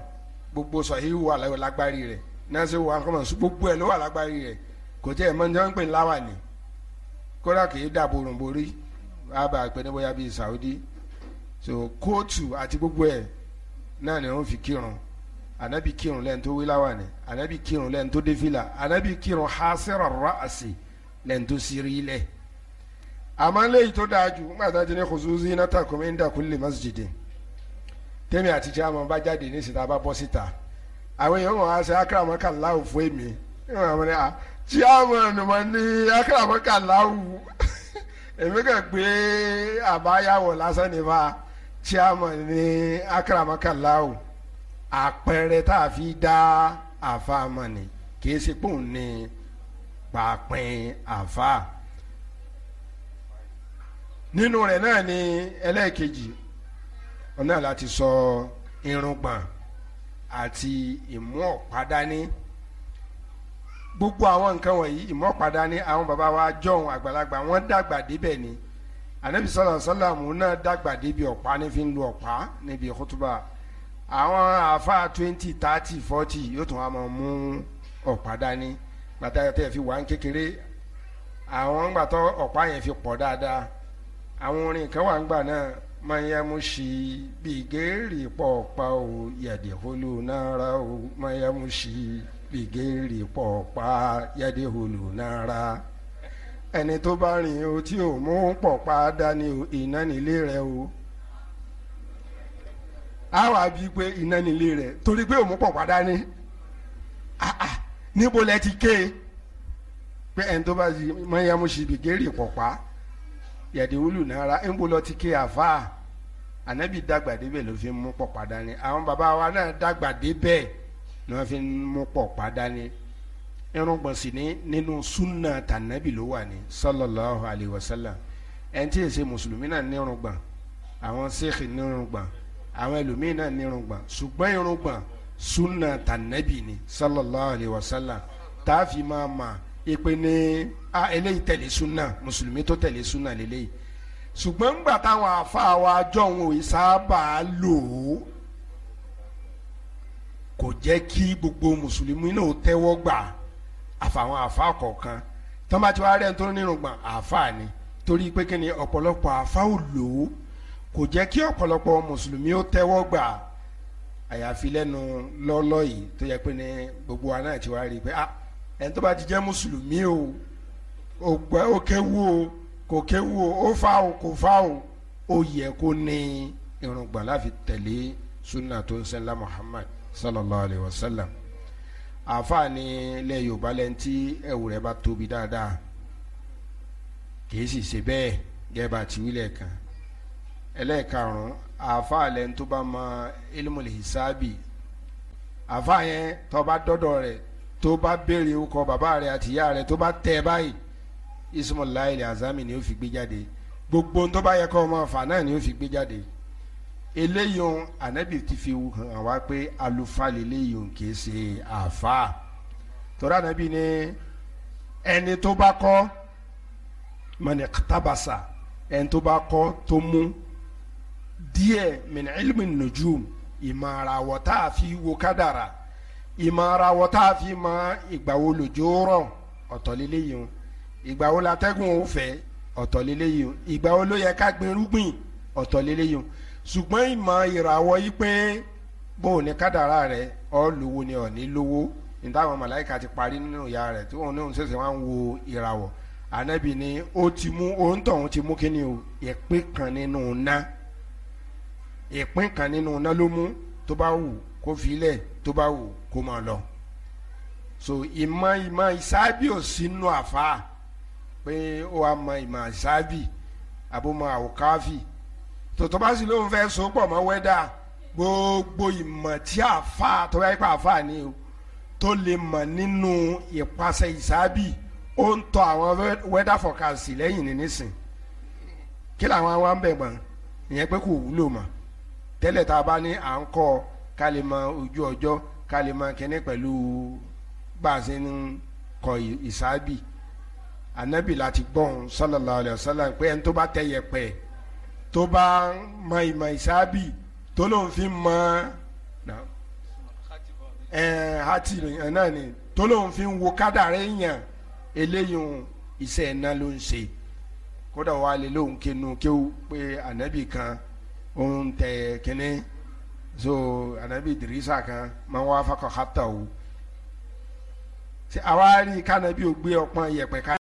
gbogbo sọ̀hí wà lágbárí rẹ̀ nasi wà kọ́mọ̀ gbogbo ẹ̀ ló wà lágbárí rẹ̀ kò tẹ́ ẹ̀ mọ́ ní wọ́n ń pè ní kódà kì í dàbò rùnborí àbá àgbẹ̀nibọ́yà bíi Saudi so kóòtù àti gbogbo ẹ̀ náà ni wọ́n fi kírun anabi kírun lẹ́yìn tó wí láwàní anabi kírun lẹ́yìn tó dé fìlà anabi kírun hasira ra'asi lẹ́yìn tó sírí lẹ́yìn àmọ́ léyìí tó dáa jù nígbà tá a ti ní kùsù zinata kum inda kulli masjidin tẹ́mi àtijọ́ àmọ́ bá jáde ní ìsìta bá bọ́ síta àwọn èèyàn wọn á sẹ akramakallahu fún èmi ìwọ̀n àwọn ẹ̀ à tí àwọn ẹnumọ ní akramakallahu èmi kàn gbé àbáyáwọ̀ lásán ní fa tí àwọn ní akramakallahu àpẹẹrẹ tá a fi dá àfa àmọ́ ni kì í ṣe pòun ní pàápín àfa nínú rẹ̀ náà ni ẹlẹ́ẹ̀kejì ọ̀nà láti sọ irùngbọ̀n àti ìmú ọ̀pá dání gbogbo àwọn nǹkan wọ̀nyí ìmú ọ̀pá àwọn bàbá wa jọ̀hún àgbàlagbà wọ́n dàgbà débẹ̀ ni anabi sallallahu alaihi wasallam náà dàgbà débi ọ̀pá ní fi ń lu ọ̀pá níbi ìkútúbà àwọn àfa twenty thirty forty yóò tún wá máa mú ọ̀pá dání gbàtà tẹ̀ fi wà ń kékeré àwọn gbàtọ́ ọ̀pá yẹn fi pọ̀ dáadáa àwọn orin kan wà ń gbà náà mayamushi bìgẹ́rì pọ̀pá o yàdìhólù náírà o mayamushi bìgẹ́rì pọ̀pá yàdìhólù náírà ẹni tó bá rìn o tí ò mú pọ̀pá dání o ìnánilé rẹ o a wà bíi pé ìnánilé rẹ torí pé ò mú pọ̀pá dání ah ah níbo lẹ ti ké pé ẹni tó bá mayamushi bìgẹ́rì pọ̀pá yẹ̀dí wúlù náírà ń bọ́ lọ ti ké àfa ànábì dàgbà débẹ̀ ló fi mú pọ̀ padà ni àwọn bàbá wa náà dàgbà débẹ̀ ni wọ́n fi mú pọ̀ padà ni irùngbọ̀n sì ni nínú súnà tànábì ló wà ní sallallahu alayhi wa sallam ẹni tí èsè mùsùlùmí náà ní irùngbọ̀n àwọn sèkì ní irùngbọ̀n àwọn ẹlòmíín náà ní irùngbọ̀n ṣùgbọ́n irùngbọ̀n súnà tànábì ni sallallahu alayhi wa sallam tá a fi máa máa ìpè ni a eléyìí tẹ̀lé súnà mùsùlùmí tó tẹ̀lé súnà lélẹ́yìí ṣùgbọ́n ńgbà táwọn àáfàá wa jọ̀hún òye sábà lò ó kò jẹ́ kí gbogbo mùsùlùmí náà tẹ́wọ́ gbà àfàwọn àáfàá kọ̀ọ̀kan tán bá ti wá rẹ̀ tó nírùngbọ̀n àáfàá ni torí pé kí ni ọ̀pọ̀lọpọ̀ àáfàá ò lò ó kò jẹ́ kí ọ̀pọ̀lọpọ̀ mùsùlùmí ó tẹ́wọ́ gbà àyàfi lẹ́nu lọ́lọ́ yìí tó yẹ pé ni gbogbo wa náà ti wá rí pé ah ẹni tó bá ti jẹ́ mùsùlùmí o ó kéwu o kò kéwu o ó fa o kò fa o ó yẹ kó ní irùngbọ̀n láfi tẹ̀lé sunna tó ń sẹ́ńlá Muhammad sallallahu alayhi wa sallam àfààní ilẹ̀ Yorùbá lẹ́ni tí ẹ̀wù rẹ̀ bá tóbi dáadáa kìí sì ṣe bẹ́ẹ̀ gẹ́gẹ́ bá ti wílẹ̀ kan ẹlẹ́ẹ̀karùn-ún àáfàá lẹ́ni tó bá mọ ilmul hisabi àáfàá tó bá dọ́dọ̀ rẹ̀ tó bá béèrè orúkọ bàbá rẹ àti ìyá rẹ tó bá tẹ báyìí ismul laili azami ni ó fi gbé jáde gbogbo tó bá yẹ kó máa fà náà ni ó fi gbé jáde eléyìí ohun ànábì ti fi hàn wá pé àlùfáà lélẹ́yìí ohun kìí ṣe àfáà torí ànábì ni ẹni tó bá kọ́ mọ̀nì tabasa ẹni tó bá kọ́ tó mú díẹ̀ min ilmi nujum ìmọ̀ àràwọ̀ tá a fi wo kádàrà ìmọ̀ràwọ̀ tá a fi mọ ìgbà wo lòjò rọ̀ ọ̀tọ̀ lélẹ́yìí o ìgbà wo latẹ́gùn ò fẹ́ ọ̀tọ̀ lélẹ́yìí o ìgbà wo ló yẹ ká gbin irúgbìn ọ̀tọ̀ lélẹ́yìí o ṣùgbọ́n ìmọ̀ ìràwọ̀ yìí pé bó o ní kádàrá rẹ ọ lówó ni ọ ní lówó nítawọn màláìka ti parí nínú ìyá rẹ tí wọn ní òun wọn wo ìràwọ̀ ànábì ni ó ti mú òun tọ̀hún ti mú kíni o ìpín kan nínú ná ìpín kan nínú ná ló mú tó bá wù kó fi lẹ̀ tó bá wù kó máa lọ so ìmọ̀ ìmọ̀ ìsáábì ò sínú àfa pé ó wàá mọ ìmọ̀ ìsáábì àbúmọ̀ àwòkáfì tòtò bá sì lóun fẹ́ so pọ̀ mọ́ wẹ́dà gbogbo ìmọ̀ tí àfa tó bá yẹ pé àfa ni o tó lè mọ̀ nínú ìpasẹ̀ ìsáábì ó ń tọ àwọn wẹ́dà fọ̀kàsì lẹ́yìn ní nísìn kí làwọn wa ń bẹ̀ gbọ́n ìyẹn pé kò wúlò mọ́ tẹ́lẹ̀ tá a bá ní à ń kọ́ ọ mọ ojú ọjọ́ ká lè máa kíní pẹ̀lú bá a ṣe ń kọ ìsáábì anabi láti gbọ́n sallallahu alayhi wa sallam pé ẹni tó bá tẹ yẹpẹ tó bá mọ ìmọ̀ ìsáábì tó lóun fi mọ ẹ hati náà ni tó lóun fi ń wo kádàrá èèyàn eléyìí iṣẹ́ ẹ̀ náà ló ń ṣe kódà wà lè lóun kinu kéwu pé anabi kan òun tẹ kínní so anabi dirisa kan man wá fakọ hatawu ṣe àwa rí kanabi ò gbé ọpọ́n yẹ̀pẹ̀ ká